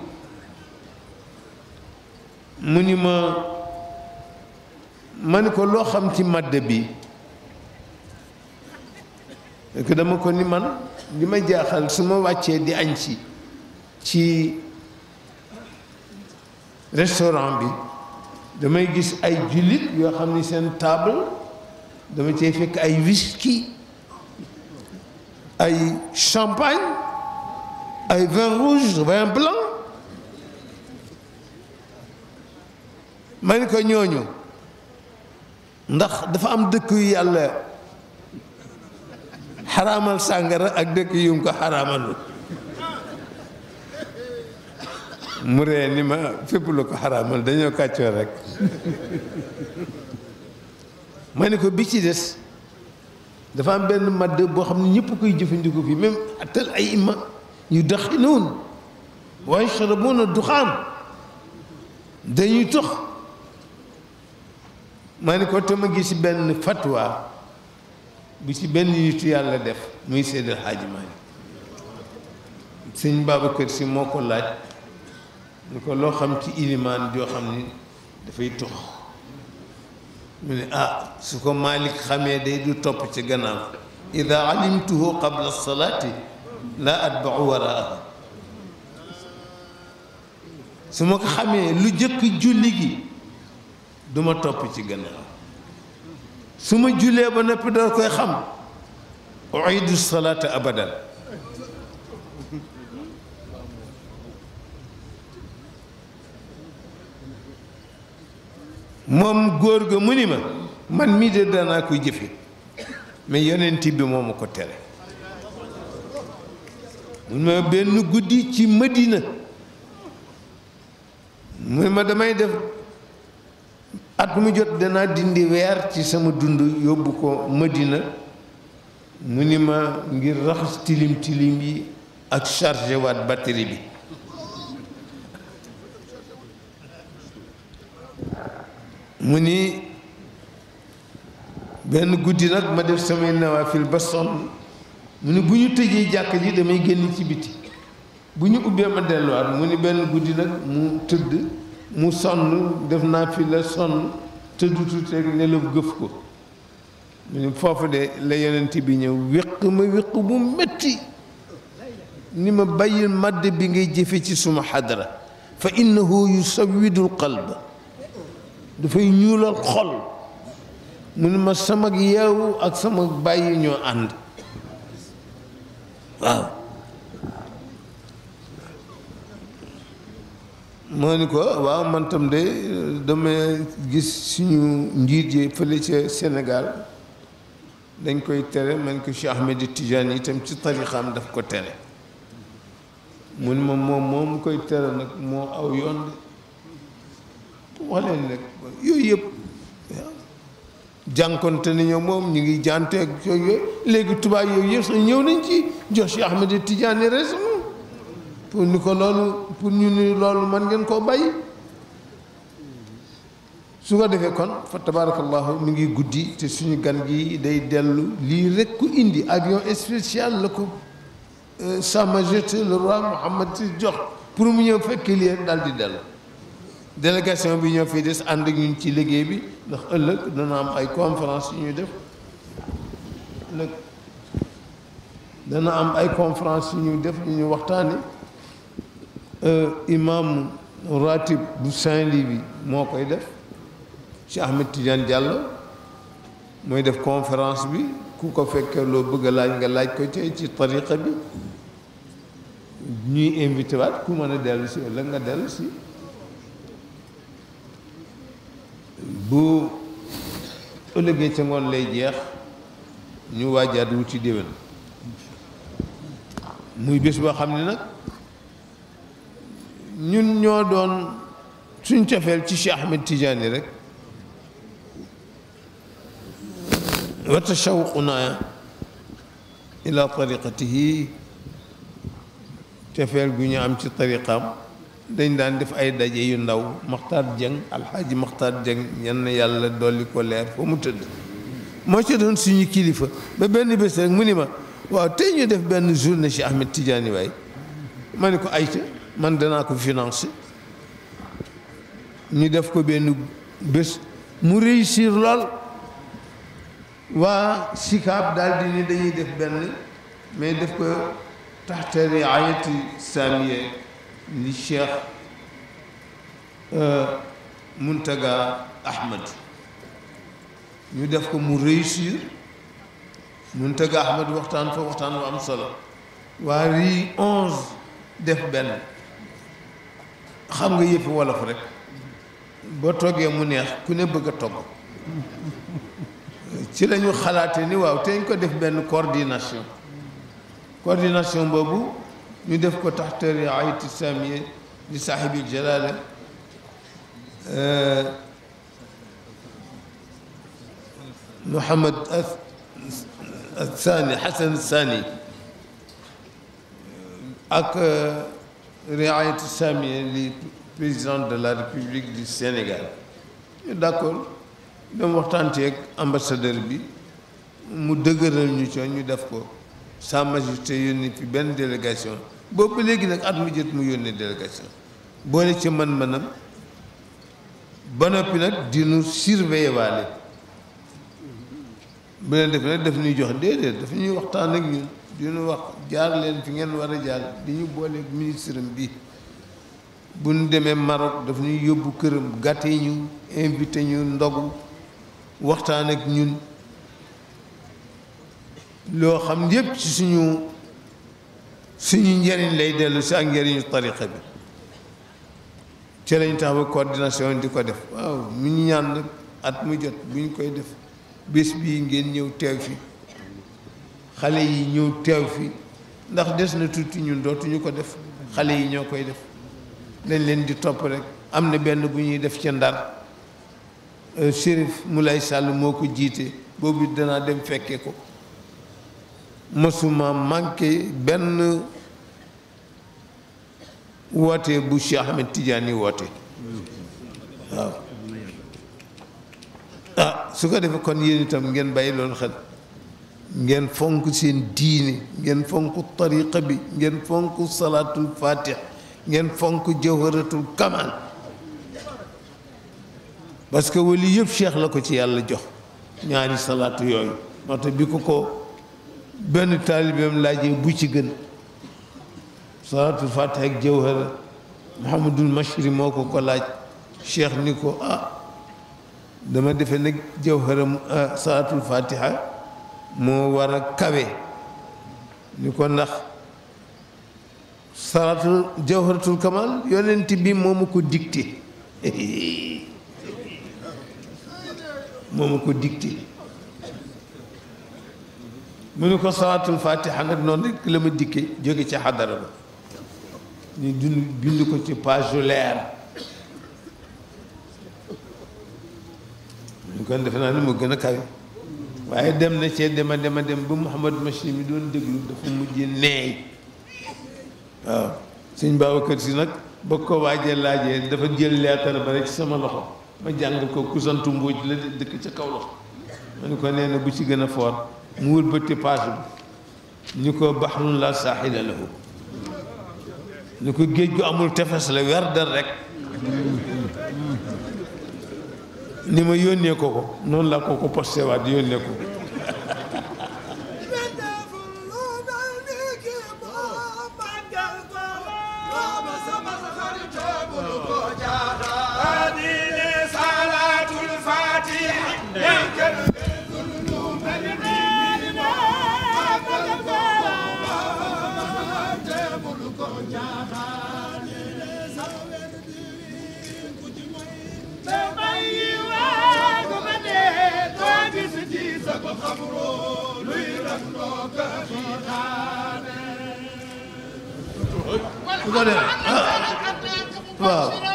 mu ni ma ma ni ko loo xam ci madd bi que dama ko ni man li ma jaaxal su ma wàccee di añ si ci restaurant bi damay gis ay jullit yoo xam ni seen table dama cee fekk ay whisky ay champagne ay vin rouge vin blanc ma ni ko ñooñu ndax dafa am dëkk yu yàlla xaraamal sàngara ak dëkk yu ko mu ree ni ma fépp dañoo kàccoo rek ma ni ko bi des dafa am benn madd boo xam ne ñëpp koy jëfandikoo fii même atal ay imma yu daxinuun wa yashrabuuna duxaan dañuy tox maa ni ko te ma gis benn fatwa bu ci benn nitu yàlla def muy seedal xaaji Maalik sëñ Babacar Si moo ko laaj ni ko loo xam ci ilimaan joo xam ni dafay tox mu ah, su ko Malik xamee day du topp ci gannaaw ida alimtuhu qabla salaati la atbau waraaha su ma ko xamee lu jëkk julli gi duma topp ci gannaaw suma julee ba noppi doo koy xam uidu salaata abadan moom góor ga mu ni ma man mii de danaa koy jëfe mais yonent bi moo ko tere mun ma benn guddi ci Madina mu ma damay def at mu jot danaa dindi weer ci sama dund yóbbu ko Madina mu ni ma ngir raxas tilim tilim yi ak chargé waat batterie bi mu ni benn guddi nag ma def samay nawaafil ba sonn mu ni bu ñu tëjee jàkk ji damay génn ci biti bu ñu ubbee ma delluwaat mu ni benn guddi nag mu tëdd mu sonn def naa fi la sonn tëdd tuuti rek nelaw gëf ko mu ni foofu de la yonent bi ñëw wéq ma wéq bu metti ni ma bàyyil màdd bi ngay jëfe ci suma xadara fa innahu yusawidu l qalba dafay ñuulal xol mu ne ma sama yeewu ak sama bàyyi ñoo ànd waaw moo ni ko waaw mantam de dama gis suñu njiit yi fële ca Sénégal dañ koy tere man ko Cheikh Ahmed Tidiane itam ci tarixam daf ko tere mu ne ma moom moom koy tere nag moo aw yoon wax leen rek yooyu yëpp jànkonte nañoo moom ñu ngi janteeg ak yooyu léegi tubaab yooyu yëpp sax ñëw nañ ci jox Cheikh Ahmed Tidiane raison pour ni ko loolu pour ñu ni loolu man ngeen koo bàyyi su ko defee kon fa tabarakallahu mi ngi guddi te suñu gan gi day dellu lii rek ku indi avion spécial la ko euh, Sa Majesté le roi Mohammed jox pour mu ñëw fekk lii daal di dellu délégation bi ñoo fi des ànd ak ñun ci liggéey bi ndax ëllëg dana am ay conférence yu ñuy def ëllëg dana am ay conférence yu ñuy def yu ñu waxtaane euh, imam ratib bu Saint-Louis bi moo koy def ci Ahmed Tidiane Diallo mooy def conférence bi ku ko fekkee loo bëgg a laaj nga laaj ko ci tariqa bi ñuy invité waat ku mën a dellu si ëllëg nga dellu si bu ëllëgee ca ngoon lay jeex ñu waajaat wuti déwén muy bés boo xam ne nag ñun ñoo doon suñ cofeel ci Cheikh Ahmed Tidiane rek wa tashawquna ila tariqatihi cofeel gu ñu am ci tariqaam dañ daan def ay daje yu ndaw maxtaar jëng alxaaji maxtaar jëng ñenn yàlla dolli ko leer fa mu tëdd moo ci doon suñu kilifa ba benn bés rek mu ni ma waaw tey ñu def benn journée ci Ahmed Tidiane waay ma ni ko ayta man danaa ko financé ñu def ko benn bés mu réussir lool waa sikaab daal di ni dañuy def benn mais def ko taxte riayati saamiye li cheikh euh, Muntaga Ahmad ñu def ko mu réussir Muntaga Ahmad waxtaan fa waxtaan bu am solo waa rii onze def benn xam nga yëpp wolof rek boo toggee mu neex ku ne bëgg a togg ci lañu xalaate ni waaw teñ ko def benn coordination coordination boobu ñu def ko taxta riayati samiya li saaxibil jalaala eh, Mouhamed Sani Hassan Sani ak eh, riayati samiya li président de la république du Sénégal eh, d'accord dama waxtaante ak ambassadeur bi mu dëgëral ñu coon ñu def ko Sa Majesté yónni fi benn délégation boobu léegi nag at mu jët mu yónnee délégation boole ci man-manam ba noppi nag dinu surveiller bu leen def nag daf ñuy jox déedéet daf ñuy waxtaan ak ñun dinu wax jaar leen fi ngeen war a jaar di ñu booleeg ministre bi bu ñu demee Maroc daf ñuy yóbbu këram gàtte ñu invité ñu ndogu waxtaan ak ñun loo xam yépp ci suñu suñu njëriñ lay dellu si ak njëriñu tariqa bi ci lañ tax ba coordination di ko def waaw mu ñu ñaan nag at mu jot bu ñu koy def bés bii ngeen ñëw teew fi xale yi ñëw teew fi ndax des na tuuti ñun dootuñu ko def xale yi ñoo koy def dañ leen di topp rek am na benn bu ñuy def ci ndar euh, mu lay Sall moo ko jiite boobu danaa dem fekke ko mësuma manqué benn woote bu Cheikh Ahmed Tidiane woote waaw ah su ko defee kon yéen itam ngeen bàyyi loolu xel ngeen fonk seen diine ngeen fonk tariqa bi ngeen fonk salaatul fatih ngeen fonk jawharatul kamal parce que wali yëpp cheikh la ko ci yàlla jox ñaari salaatu yooyu moo bi ko ko benn taalibeem laajee bu ci gën salaatul faatiha ak jawhar Muhammadul Mashri moo ko ko laaj cheikh ni ko ah dama defe nag jawharam ah, salaatul faatiha moo war a kawe ni ko ndax salaatul jawharatul kamal yonent bi moo ma ko dicté moo ko dicté mu ne ko salaatul fatiha nag noonu rek la ma dikkee jóge ci xadara ba ñu dund bind ko ci page leer ñu kon defe naa ni mu gën a kawe waaye dem na cee dema dema dem ba Mouhamad Machi mi doon déglu dafa mujj neey waaw sëñ kër Si nag ba ko waajee laajee dafa jël leetar ba rek sama loxo ma jàng ko kusantu mbuuj la dëkk ca kaw loxo ma ne ko nee na bu ci gën a foor mu wëlbati paas bi ñu ko baxrun la saaxila lahu ñu ko géej gu amul tefes la weer dal rekk ni ma yónnee ko ko noonu la ko ko posté waat yónnee ko bu ko defee waaw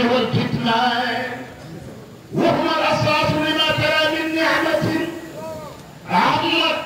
الحزن والكتمان وهما الأساس لما ترى من نعمة عظمت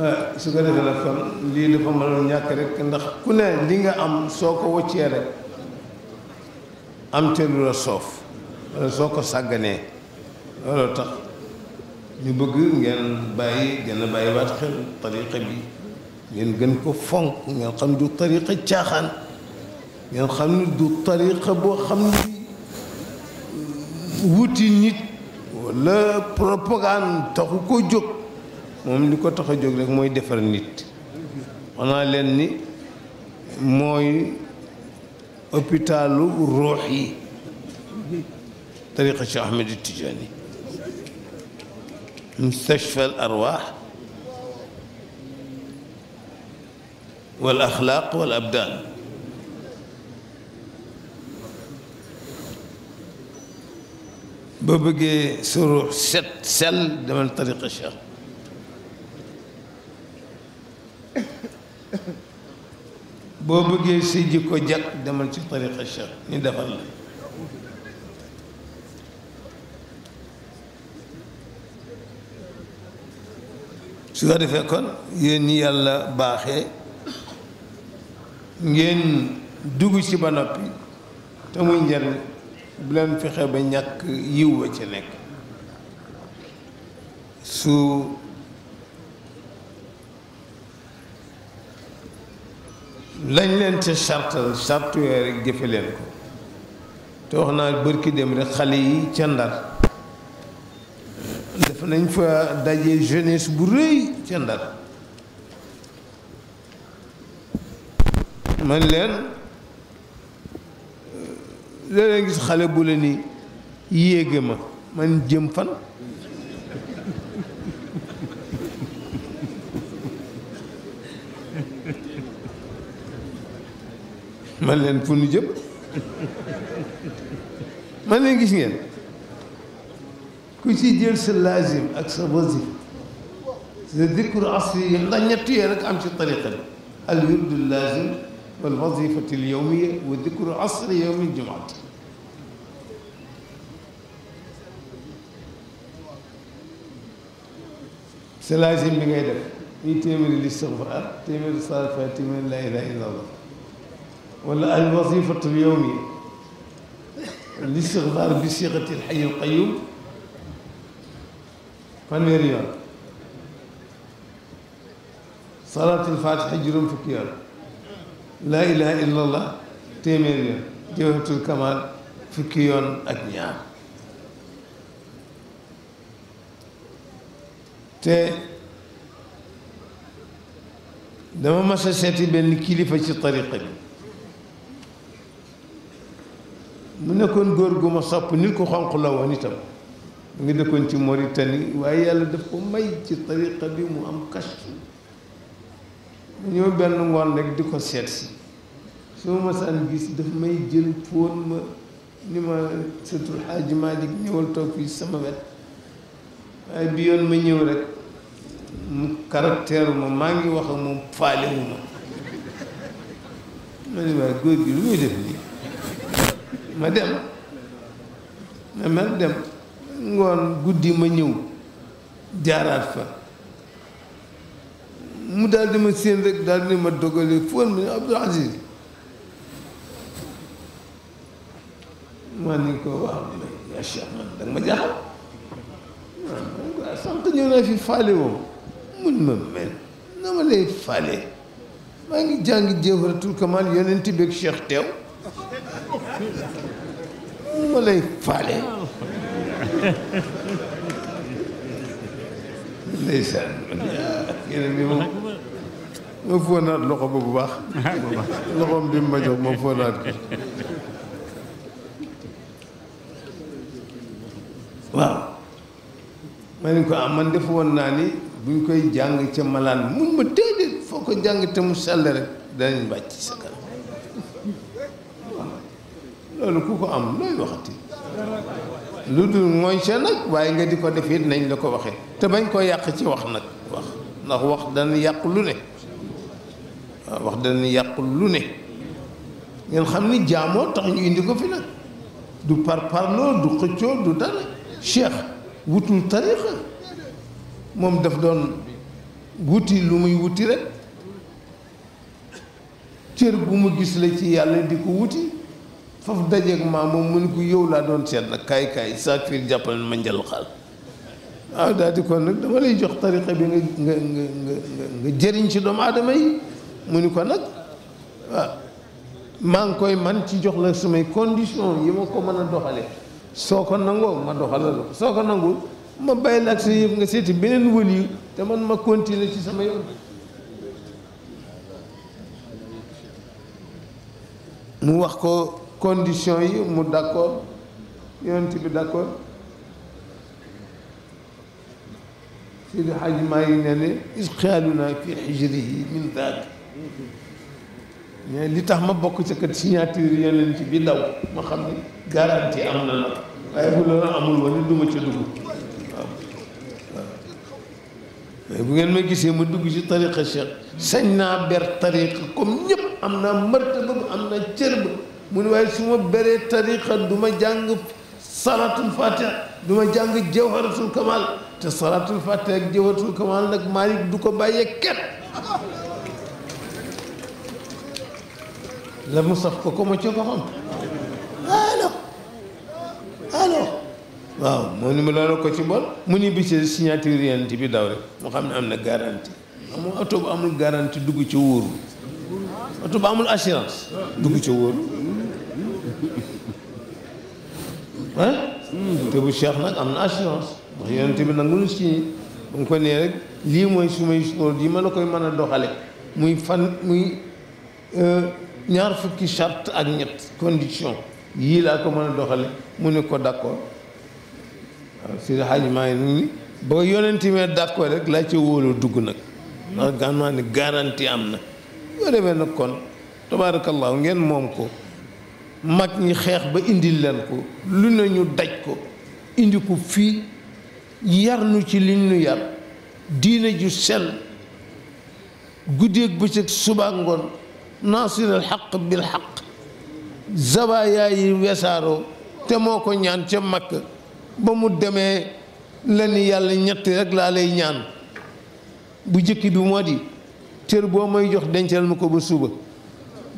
Eh, su ko defee la kon lii dafa mënoon ñàkk rek ndax ku ne li nga am soo ko wëccee rek am te lu la soof wala soo ko sàgganee looloo tax ñu bëgg ngeen bàyyi gën a bàyyi waat xel tariqa bi ngeen gën ko fonk ngeen xam du tariqa caaxaan ngeen xam ni du tariqa boo xam ni wuti nit wala propagande taxu ko jóg moom li ko tax a jóg rek mooy defar nit xanaa leen ni mooy hôpitalu ruux yi tariqa Cheikh Ahmed Tidiane mustashfa al arwaax wal axlaaq wal abdaan ba bëggee sa ruux set sell demal tariqa Cheikh boo bëggee si jikko jàkk demal ci tariqa cheikh ñu defal la su ko defee kon yéen ñi yàlla baaxee ngeen dugg ci ba noppi te muy njariñ bu fexe ba ñàkk yiw ba ci nekk su lañ leen ca sartal sart yooyu rek jëfe leen ko te wax naa bërki dem rek xale yi ca ndar def nañ fa daje jeunesse bu rëy ca ndar man leen léeg gis xale bu la ni yéege ma man jëm fan man leen fu ñu jëm man leen gis ngeen ku ci jël sa laazim ak sa wasif sa dikru asri yi ndax ñett yee rek am ci tariqa bi al wirdu laazim wal wazifatu al yawmiya wa dikru asri yawmi al jumaat sa laazim bi ngay def ñuy téeméeri li istixfaar téeméeri salaat téeméeri laa ilaaha illallaah wala al wasifatu yowmiya listixfaar bi sixati al xayyul qayyum fanweeri yoon salaatul fatiha juróom fukki yoon laa ilaha illa allah téeméeri yoon jawharatul kamal fukki yoon ak ñaar te dama mas a seeti benn kilifa ci tariqa bi mu nekkoon góor gu ma sopp nit ko xonq la woon itam mu ngi dëkkoon ci Mauritanie waaye yàlla daf ko may ci tariqa bi mu am kastu mu ñëw benn ngoon rek di ko seet si su ma saan gis daf may jël fóon ma ni ma sëtul xaaji Malick ñëwal toog fii sama wet waaye bi yoon ma ñëw rek mu caractère ma maa ngi wax ak moom faale ma ne waaye góor gi lu muy def nii ma dem ma man dem ngoon guddi ma ñëw jaaraat fa mu daal di ma séen rek daal ma dogale foon ma ne Abdou Aziz ma ni ko waaw yaa Cheikh man danga ma jaaxal naa fi faale woo mun ma mel na ma lay faale maa ngi jàngi Jawharatul Kamal yonent beeg Cheikh teew ma lay faale ndeysaan yeneen bi moom ma fóonaat loxo ba bu baax loxoom bi ma jox ma fóonaat ko waaw ma ne ko am ah, man def woon naa ni buñ koy jàng ca malaan mun ma téedéet foo ko jàng te mu sàll rek danañ bàcc sa loolu ku ko am looy waxati lu dul mooy nag waaye nga di ko def it nañ la ko waxee te bañ koo yàq ci wax nag wax ndax wax dana yàq lu ne waaw wax dana yàq lu ne ngeen xam ni jaamoo tax ñu indi ko fi nag du par parloo du xëccoo du dara cheikh wutul tariqa moom daf doon wuti lu muy wuti rek cër bu mu gis la ci yàlla di ko wuti foofu dajeeg maa moom mu ne ko yow laa doon seet nag kaay kaay saa fiir jàppal ma njal xaal waaw ah daal di nag dama lay jox tariqa bi nga nga nga nga nga jëriñ ci doomu aadama yi mu ni ko nag waaw maa ngi koy man ci jox la samay condition yi ma ko mën a doxale soo ko nangoo ma doxala soo ko nangul ma bay la ak sa yëf nga seeti beneen wëliw te man ma continuer ci sama yoon mu wax ko condition yi mu d'accord yonent bi d'accord Seydi Hadji Maalik ne ne isqaaluna fi hijrihi min daak mais li tax ma bokk ca kat signature yonent bi daw ma xam ne garantie am na nag waaye bu loolu amul woon duma ca dugg waaw ngeen ma gisee ma dugg ci tariqa Cheikh sañ naa ber tariqa comme ñëpp am naa martaba am naa cër mu ne waaye su ma tariqa du jàng salatul fatiha duma jàng jawharatul kamal te salatul fatiha ak jawharatul kamal nag Malick du ko bàyyee kenn la mu saf ko ko ma ca ko xam alors alors waaw moo ni mu la ko ci bol mu ni bi ci signature yent bi daw rek mu xam ne am na garantie amoo oto bu amul garantie dugg ci wóoru oto bu amul assurance dugg ci wóoru ah te bu cheikh nag am na assurance ndax yonente bi nangu na si ba nga ko nee rek lii mooy su may sóor yi ma la koy mën a doxale muy fan muy euh, ñaar fukki charte ak ñett condition yii laa ko mën a doxale mu ne ko d'accord waaw si xaaj maa ngi ni ba yonente mee d'accord rek laa ci wóolu dugg nag ndax gan maa ne am na yoo demee nag kon tabarakallahu ngeen moom ko mag ñi xeex ba indil leen ko lu ne ñu daj ko indi ko fii yar nu ci liñ nu yar diine ju sell guddeeg bëccëg suba ngoon naasiral xaq bil xaq zabaayaa yi wesaaroo te moo ko ñaan ca makk ba mu demee la ni yàlla ñetti rek laa lay ñaan bu jëkk bi moo di cër boo may jox dencal ma ko ba suba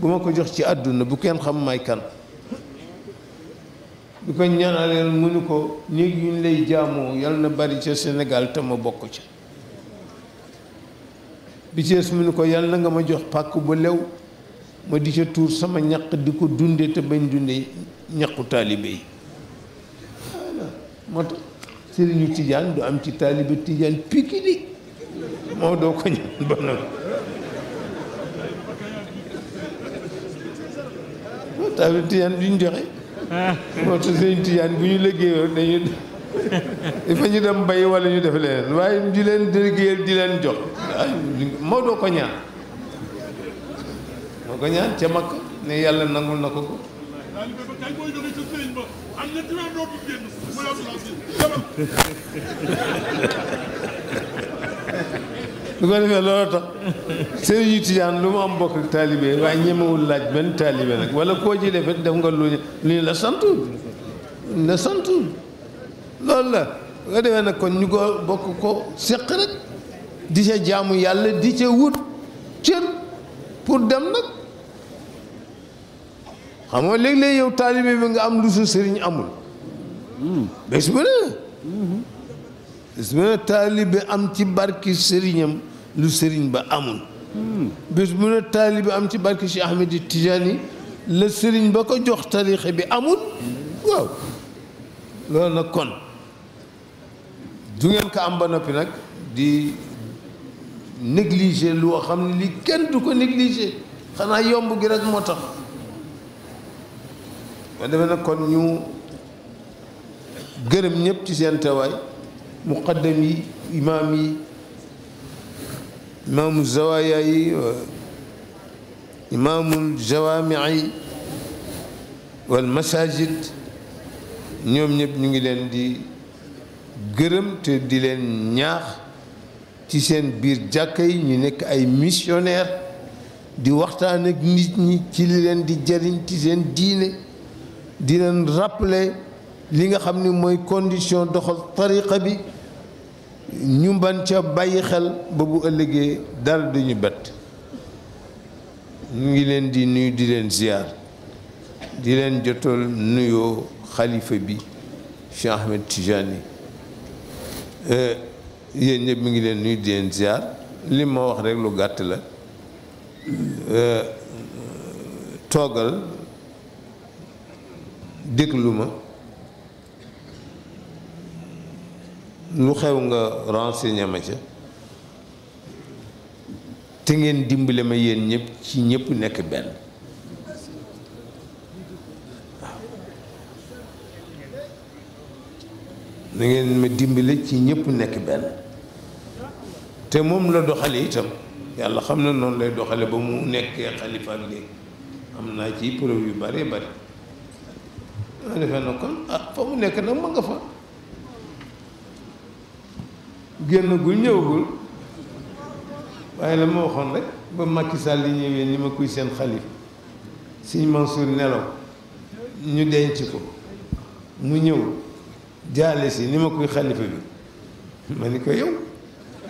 bu ma ko jox ci àdduna bu kenn xam may kan bi ko ñaanaleel mu ni ko néeg yu ñu lay jaamoo yal na bari ca Sénégal te ma bokk ca bi mu ni ko yal na nga ma jox pàkk bu lew ma di ca tuur sama ñaq di ko dunde te bañ dunde ñaqu taalibe yi moo tax sëriñu tijaan du am ci taalibe tijaan pikki di moo doo ko ñaan ba taawul tijaan duñ joxe ah. moo tax sëñ tijaan bu ñu liggéeyoon dañu dafa ñu dem bay wala ñu def leneen waaye di leen liggéeyal di leen jox moo doo ko ñaan doo ko ñaan ca makk ne yàlla nangul na ko ko lu ko defee loolu tax sëriñu tijaan lu mu am bokk ak taalibe waaye ñemewul laaj benn taalibe nag wala koo ci defet def nga lu ñu la santul la la lu ko defee nag kon ñu ko bokk ko seq rek di ca jaamu yàlla di ca wut cër pour dem nag xam nga léeg-léeg yow taalibe bi nga am lu su sëriñ amul hmm. bés bu ne bés am ci barki sëriñam lu sëriñ ba amul hmm. bis bu ne taalibi am ci barke Cheikh Ahmed Tijani la sëriñ ba ko jox tariixa bi amul waaw loolu nag kon du ngeen ko am ba noppi nag di négliger loo xam ne li kenn du ko négliger xanaa yomb gi rek moo tax ma demee nag kon ñu gërëm ñëpp ci seen teewaay muqaddam yi imaam yi imaamu zawaaya yi imaamul jawaami'a wal masajid ñoom ñëpp ñu ngi leen di gërëm te di leen ñaax ci seen biir jàkka yi ñu nekk ay missionnaire di waxtaan ak nit ñi ci li leen di jëriñ ci seen diine di leen rappeler li nga xam ni mooy condition doxal tariqa bi ñu mban ca bàyyi xel ba bu ëllëgee dara duñu bett ñu ngi leen di nuyu di leen ziar di leen jotool nuyoo xalifa bi Cheikh Ahmed Tijani euh, yéen ñëpp mu ngi leen nuyu di leen ziar li ma wax rekk lu gàtt la euh, toogal déglu ma lu xew nga renseigné ma ca te ngeen dimbale ma yéen ñëpp ci ñëpp nekk benn waaw ngeen ma dimbale ci ñëpp nekk benn te moom la doxale itam yàlla xam na noonu lay doxale ba mu nekkee xalifa léegi am naa ci preuve yu bare bare ma defee na kon ah fa mu nekk nag ma nga fa génn gul ñëwagul waaye la ma waxoon rek ba Macky Sall yi ñëwee ni ma kuy seen xalif Sëñ Mansour nelaw ñu denc ko mu ñëw jaale si ni ma kuy xalifa bi ma ni ko yow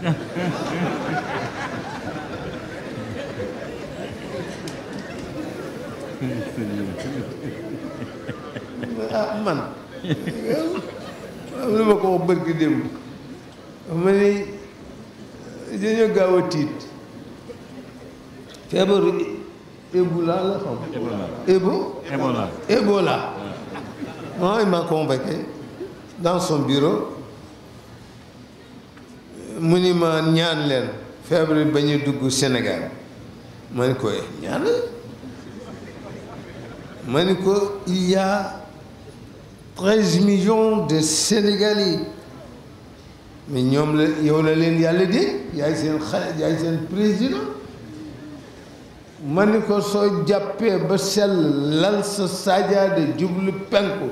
ah man lu ma ko wax bërki démb ma ni dañoo eh, tiit feebaru Ebola la xam Ebo Ebola Ebola moi ah, il m'a convoqué dans son bureau mu ni ma ñaan leen feebar bi ba dugg Sénégal ma ni ko eh, ñaan ma ko il y a treize de Sénégalais mais ñoom la yow la leen yàlla dénk yaay seen xale yaay seen président ma ni ko soo jàppee ba sell lal sa saajaada jublu penku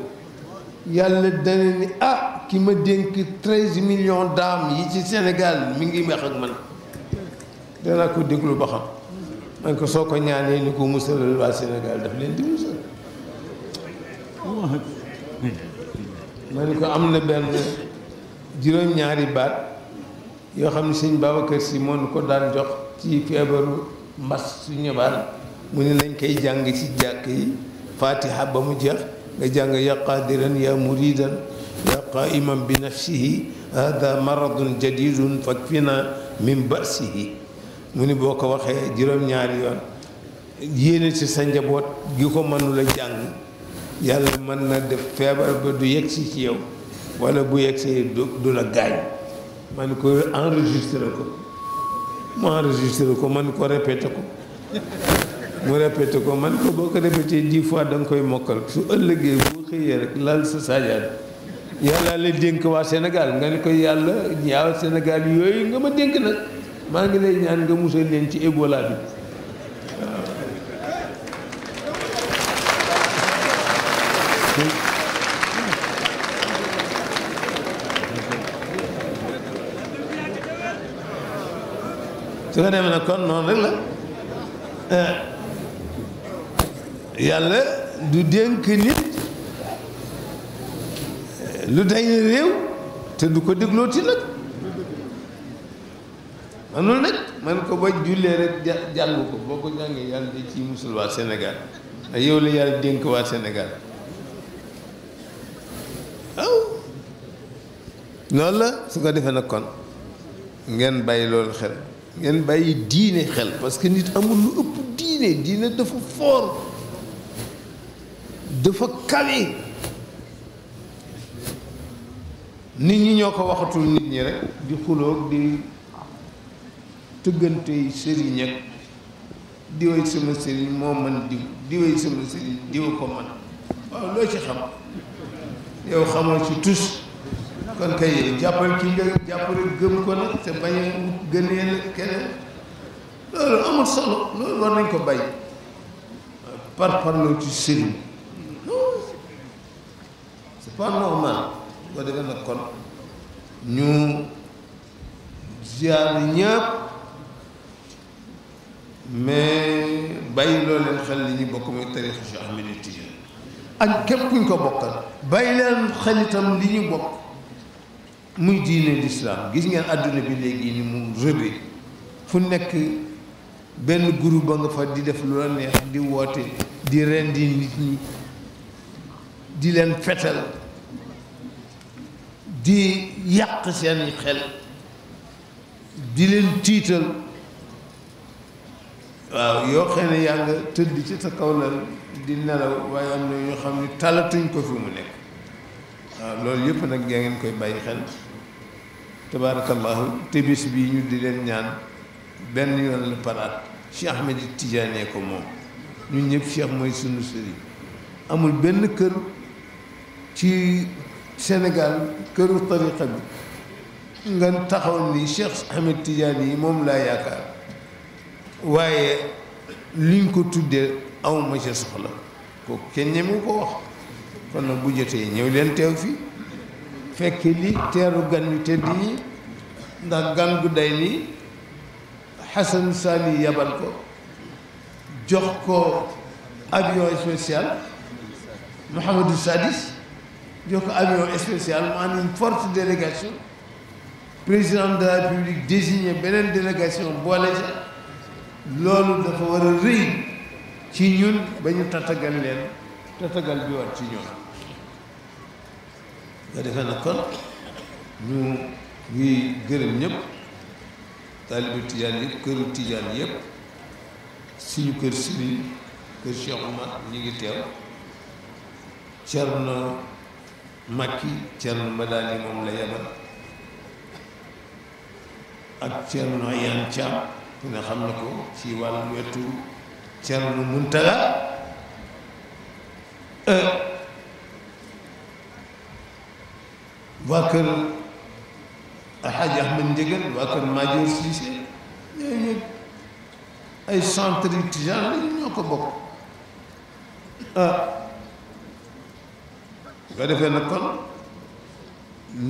yàlla dana ni ah ki ma dénk treize millions d'âmes yi ci Sénégal mi ngi mex ak man danaa ko déglu ba xam man ko soo ko ñaanee ni ko musalal waa Sénégal daf leen di musal ma ni ko am na benn juróom-ñaari baat yoo xam ne sëñ Babacar Si moo nu ko daan jox ci feebaru mbas su ñëbaan mu ne nañ koy jàng ci jàkk yi fatiha ba mu jeex nga jàng ya qaadiran ya muridan ya qaiman bi nafsihi hada maradun jadidun fakfina min basihi mu ni boo ko waxee juróom-ñaari yoon yéene ci sa njaboot gi ko mënula jàng yàlla mën na def feebar ba du yegsi ci yow wala bu yegsee du du la gaañ ma ne ko enregistré ko mu enregistré ko man ko répété ko mu répété ko man ko boo ko répété dix fois da koy mokkal su ëllëgee boo xëyee rek lal sa saajaat yàlla la dénk waa Sénégal nga ne ko yàlla yaaw Sénégal yooyu nga ma dénk nag maa ngi lay ñaan nga musal leen ci Ebola su ko demee nag kon noonu rek la eh, yàlla du dénk nit eh, lu day réew te du ko déglooti nag manul nag man ko ba jullee rek jàll ko boo ko jàngee yàlla de ci musul waa Sénégal a yow la yàlla dénk waa Sénégal waaw la su ko defee nag kon ngeen bàyyi loolu xel ngeen bàyyi diine xel parce que nit amul lu ëpp diine diine dafa foor dafa kawe nit ñi ñoo ko waxatul nit ñi rek di xuloog di tëggante sëriñ ak diwee sama sëriñ moo man diw diwee sama sëriñ diw ko man waaw loo ci xam yow xamoo ci tus kon kay jàppal ki nga jàppale gëm ko nag te bañ a gënee la keneen loolu amul solo loolu war nañ ko bay par parloo ci sëriñ non c'est pas normal boo defee nag kon ñu ziar ñëpp mais bàyyi loo leen xel li ñu bokk muy tarixa Cheikh Ahmed ak képp kuñ ko bokkal bàyyi leen xel itam li ñu bokk muy diine lislaam gis ngeen àdduna bi léegi ni mu rëbe fu nekk benn groupe ba nga fa di def lu la neex di woote di rendi nit ñi di leen fetal di yàq seen xel di leen tiital waaw yoo xam ne yaa nga tëdd ci sa kaw lal di nelaw waaye am na xam ne talatuñ ko fi mu nekk waaw loolu yëpp nag yaa ngeen koy bàyyi xel tabaarakallaahu te bis bii ñu di leen ñaan benn yoon la paraat Cheikh Ahmed Tidiane ko moom ñun ñëpp Cheikh mooy sunu sëriñ amul benn kër ci Sénégal këru tariqa bi nga taxaw ni Cheikh Ahmed Tidiane yi moom laa yaakaar waaye liñ ko tuddee awma ca soxla ko kenn ñeme ko wax kon nag bu jotee ñëw leen teew fii fekk li teeru gan yu tedd yi ndax gan gu day ni Saali yabal ko jox ko avion spécial Mouhamadou Sadis jox ko avion spécial maanaam une délégation président de la République désigné beneen délégation boole ca loolu dafa war a rëy ci ñun ba ñu tatagal leen tatagal bi war ci ñoom nga defee na kon ñu ñuy gërëm ñëpp taalibu tijaan yëpp këru tijaan yëpp suñu kër sini kër Cheikh Oumar ñu ngi teew Cerno Makki Cerno Madani moom la yebal ak Cerno Yan Caam ku ne xam na ko ci wàll wetu Cerno Muntaga euh, waa kër Alxaaji Ahmed Ndiéguène waa kër Madior Cissé ñooñu ñëpp tijaan la ñoo ko bokk ah nga defee kon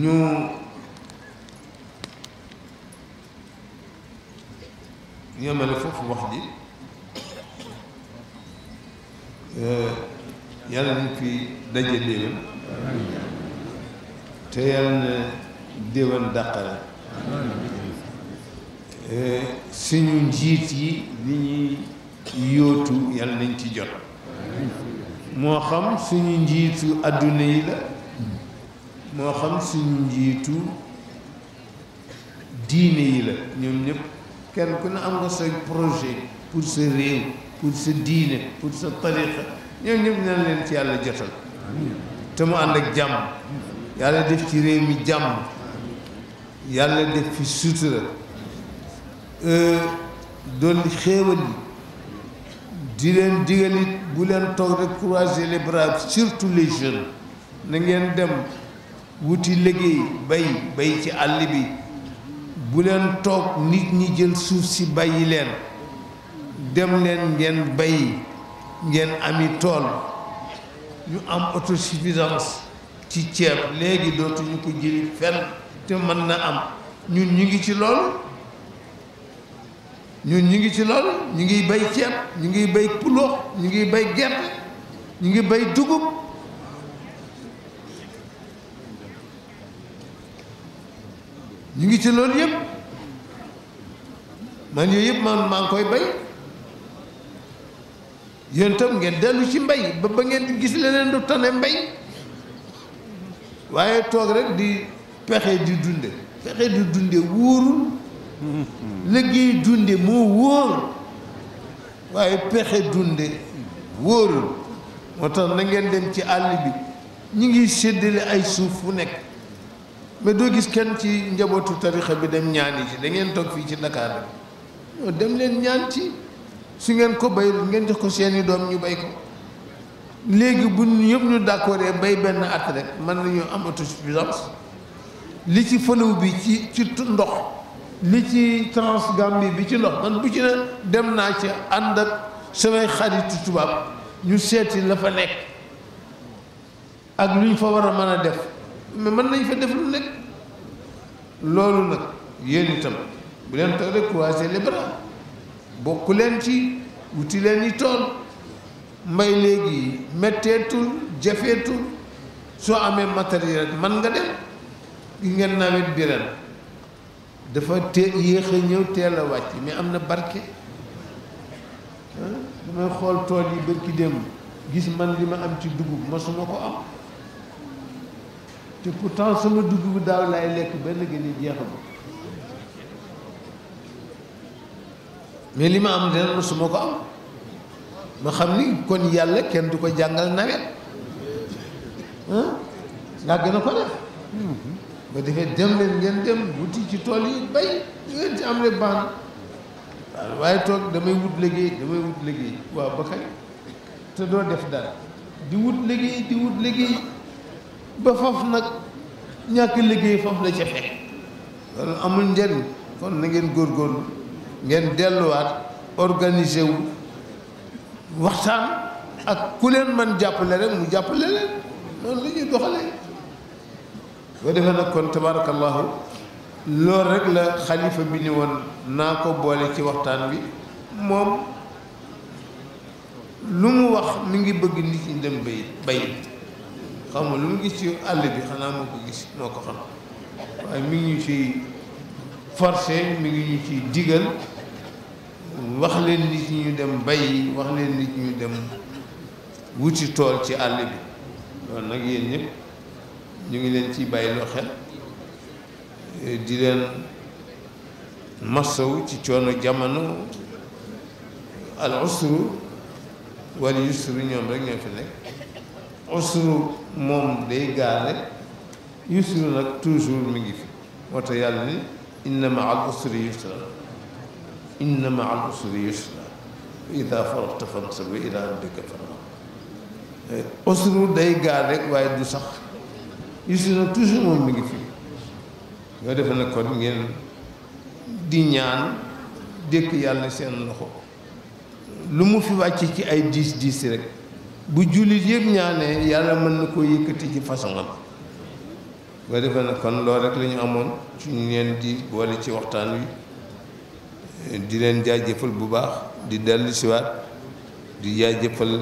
ñu yemale foofu wax ji eh, yàlla ñu fi daje déwén te yàlla na déwén dàqale e, suñu njiit yi li ñuy yóotu yàlla nañ ci jot moo xam suñu njiitu àdduna yi la moo xam suñu njiitu diine yi la ñoom ñëpp kenn ku ne am nga sa projet pour sa réew pour sa diine pour sa tariqa ñoom ñëpp nañ leen ci yàlla jotal te mu ànd ak jàmm yàlla def ci réew mi jàmm yàlla def fi sutura euh, dolli xéewal yi di leen digal bu leen toog rek croiser les bras surtout les jeunes na ngeen dem wuti liggéey bay bay ci àll bi bu leen toog nit ñi jël suuf si bàyyi leen dem leen ngeen bay ngeen ami tool ñu am autosuffisance ci ceeb léegi dootuñu ko jëli fenn te mën na am ñun ñu ngi ci lool ñun ñu ngi ci loolu ñu ngi bay ceeb ñu ngi bay puloox ñu ngi bay gerte ñu ngi bay dugub ñu ngi ci loolu yépp man yooyu yëpp man maa ngi koy bay yéen tam ngeen dellu ci mbay ba ba ngeen gis leneen du tane mbay waaye toog rek di pexe di dunde pexe di dunde wóorul liggéey dunde moo wóor waaye pexe dunde wóorul moo tax na ngeen dem ci àll bi ñu ngi séddale ay suuf fu nekk mais doo gis kenn ci njabootu tarixa bi dem ñaani ci da toog fii ci Dakar rek dem leen ñaan ci su ngeen ko bay ngeen jox ko seeni doom ñu bay ko léegi bu ñu yëpp ñu d'accord bay benn at mën nañu am autosuffisance li ci fëlew bi ci ci ndox li ci Transgambie bi ci ndox man bu ci ne dem naa ci ànd ak samay xaritu tubaab ñu seeti la fa nekk ak lu ñu fa war a mën a def mais mën nañ fa def lu nekk loolu nag yéen itam bu leen toog rek croiser les bras bokku leen ci wuti leen i tool mbay léegi metteetul jafeetul soo amee matériel man nga dem gi ngeen nawet bi ren dafa te yéex a ñëw teel a wàcc mais am na barke damay xool tool yi bërki démb gis man li ma am ci dugub masuma ko am te temps sama dugub daal laay lekk ba léegi ni jeexagul mais li ma am ren masuma ko am nga xam ni kon yàlla kenn du ko jàngal nawet yàgg na ko def ba defee dem leen ngeen dem wuti ci tool yi bay ngeen ci am le baan waaw waaye toog damay wut liggéey damay wut liggéey waaw ba te doo def dara di wut liggéey di ba faf nag ñàkk liggéey faf la ca fekk loolu amul njëriñ kon na ngeen góorgóorlu ngeen delluwaat organiser wu waxtaan ak ku leen man jàppale rek mu jàppale leen noonu la ñuy doxalee boo defee nag kon tabarakallahu loolu rek la xalifa bi ni woon naa ko boole ci waxtaan bi moom lu mu wax mi ngi bëgg nit ñi dem bay bay xam nga lu mu gis ci àll bi xanaa moo ko gis moo ko xam waaye mi ngi ñu ciy forcé mi ngi ñu ciy digal wax leen nit ñi ñu dem bay wax leen nit ñu dem wuti tool ci àll bi loolu nag yéen ñëpp ñu ngi leen ciy bàyyiloo xel eh, di leen massawu ci coono jamono al usru wal yusru ñoom rek ñoo fi nekk usru moom day gaale yusru nag toujours mi ngi fi moo yàlla ni inna ma al usri yusra inna maa al usri yusra ida faragta fansab wa ila rabbika fargab usru day gaal rek waaye du sax yusra toujours moom mi ngi fi yoo defe ne kon ngeen di ñaan dékk yàlla seen loxo lu mu fi wàcc ci ay diis diis rek bu jullit yëpp ñaanee yàlla mën na koo yëkkati ci façonam nga defe ne kon loolu rek la ñu amoon suñu leen di boole ci waxtaan wi di leen jaajëfal bu baax di dellu siwaat di jaajëfal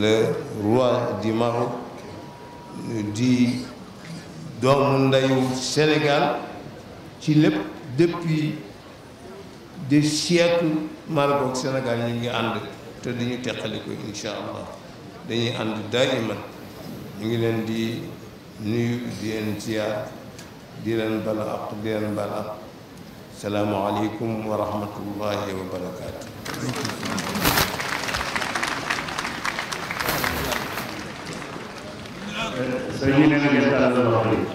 le roi du Maroc di doomu ndeyu Sénégal ci lépp depuis des siècles Maroc ak Sénégal ñu ngi ànd te duñu teqali ko incha allah dañuy ànd daayiman ñu ngi leen di nuyu di leen ziar di leen bala ak di leen bala salaamualeykum wa rahmatullahi wa barakaatu. sëñ bi nee na ngeen daal la wax léegi.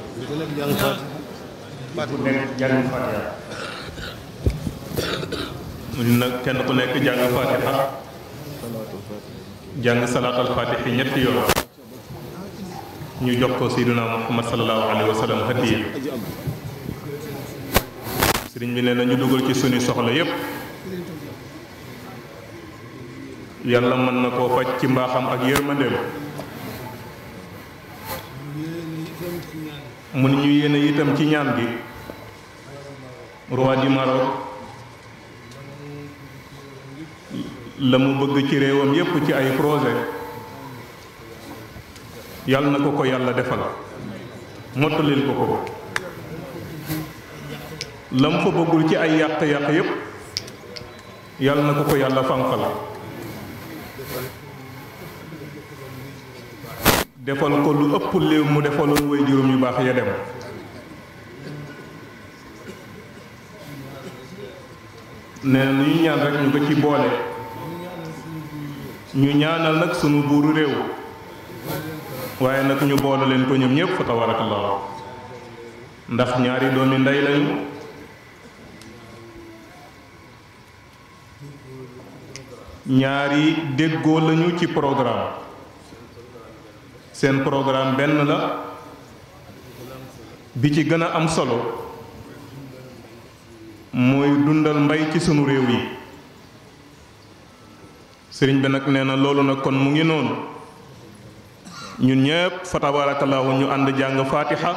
ku nekk jàng Fatiha. mu ne nag kenn ku nekk jàng Fatiha. jàng salaatal Fatiha ñetti yoon. ñu jox ko Seydina Muhammad sallallahu alayhi wa sallam hadiya sëriñ bi nee na ñu dugal ci suñu soxla yépp yàlla mën na koo faj ci mbaaxam ak yërmandeem mun ñu yéene itam ci ñaan bi roi du Maroc la mu bëgg ci réewam yépp ci ay projet yàlla na ko ko yàlla defal mottalil ko ko la mu fa bëggul ci ay yàq-yàq yépp yàlla na ko ko yàlla fànqal defal ko lu ëpp léew mu defaloon way juróom yu baax ya dem nee na ñu ñaan rek ñu ko ci boole ñu ñaanal nag sunu buuru réew waaye nag ñu boole leen ko ñoom war a tabarakallah ndax ñaari doomi ndey lañu ñaari déggoo lañu ci programme seen programme benn la bi ci gën a am solo mooy dundal mbay ci sunu réew yi sëriñ bi nag nee na loolu nag kon mu ngi noonu ñun ñëpp fa tabaarakallaahu ñu ànd jàng faatiha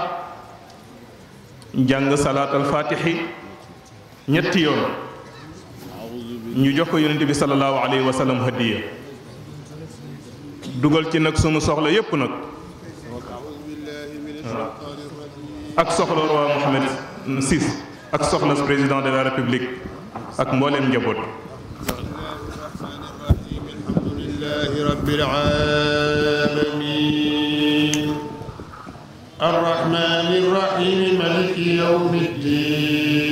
jàng salaatal faatixi ñetti yoon ñu jox ko yonent bi sallallahu alayhi wa sallam hadiya dugal ci nag sunu soxla yépp nag ak soxla roi Mohammed VI ak soxla président de la république ak mbooleem njaboot alhamdulillahi rabbil alamin arrahmanir rahim maliki yawmiddin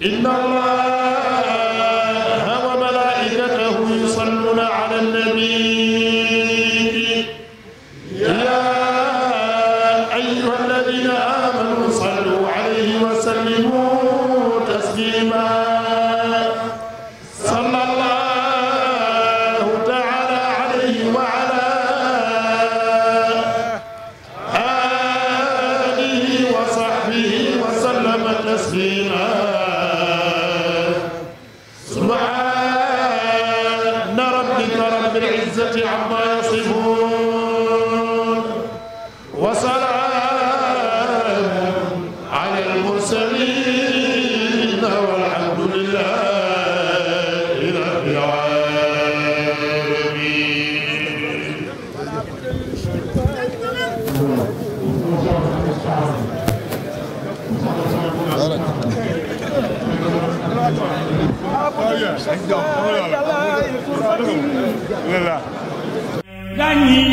inna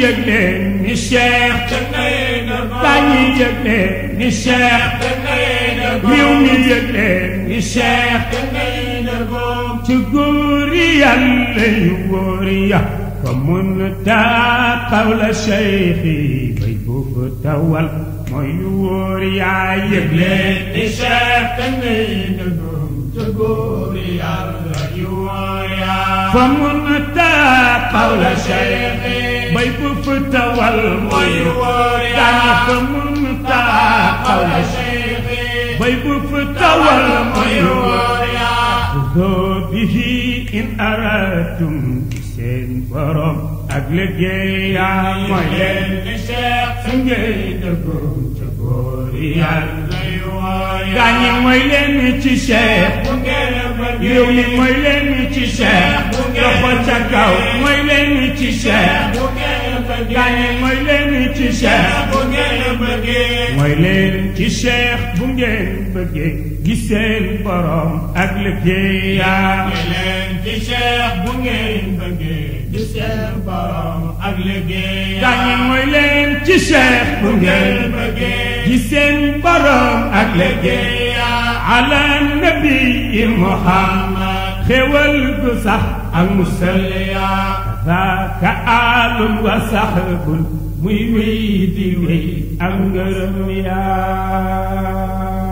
yëg ne ni Cheikh te nee na ma daañuy yëg ne ni Cheikh te nee na ma réew mi yëg ne ni Cheikh te nee na ma ci góor yàlla yu góor ya fa mun taa xawla Cheikh yi bay bu fa tawal mooy yu wóor yaa yëg ne ni Cheikh te nee na ma ci góor yàlla yu góor ya fa mun taa xawla Cheikh yi تبتوى الغيب دعك منتقل بيب فتوى الغيب ذو به إن أردتم سين برم أقلقي يا مين سنجي دقوم تقولي gaañi mooy leen ci Cheikh yow li mooy leen ci Cheikh loxo ca kaw mooy leen ci Cheikh gane mooy leen ci Cheikh bu ngeen bëggee mooy borom ak liggéey yaa mooy leen ci Cheikh bu ngeen bëggee gis borom ak liggéey yaa mooy leen ci Cheikh bu ngeen bëggee gis borom ak liggéey yaa ala nabi Muhammad xéwal gu sax ak musal yaa ka alun wa saxbun muy wéy di wéy am ngërëm yaa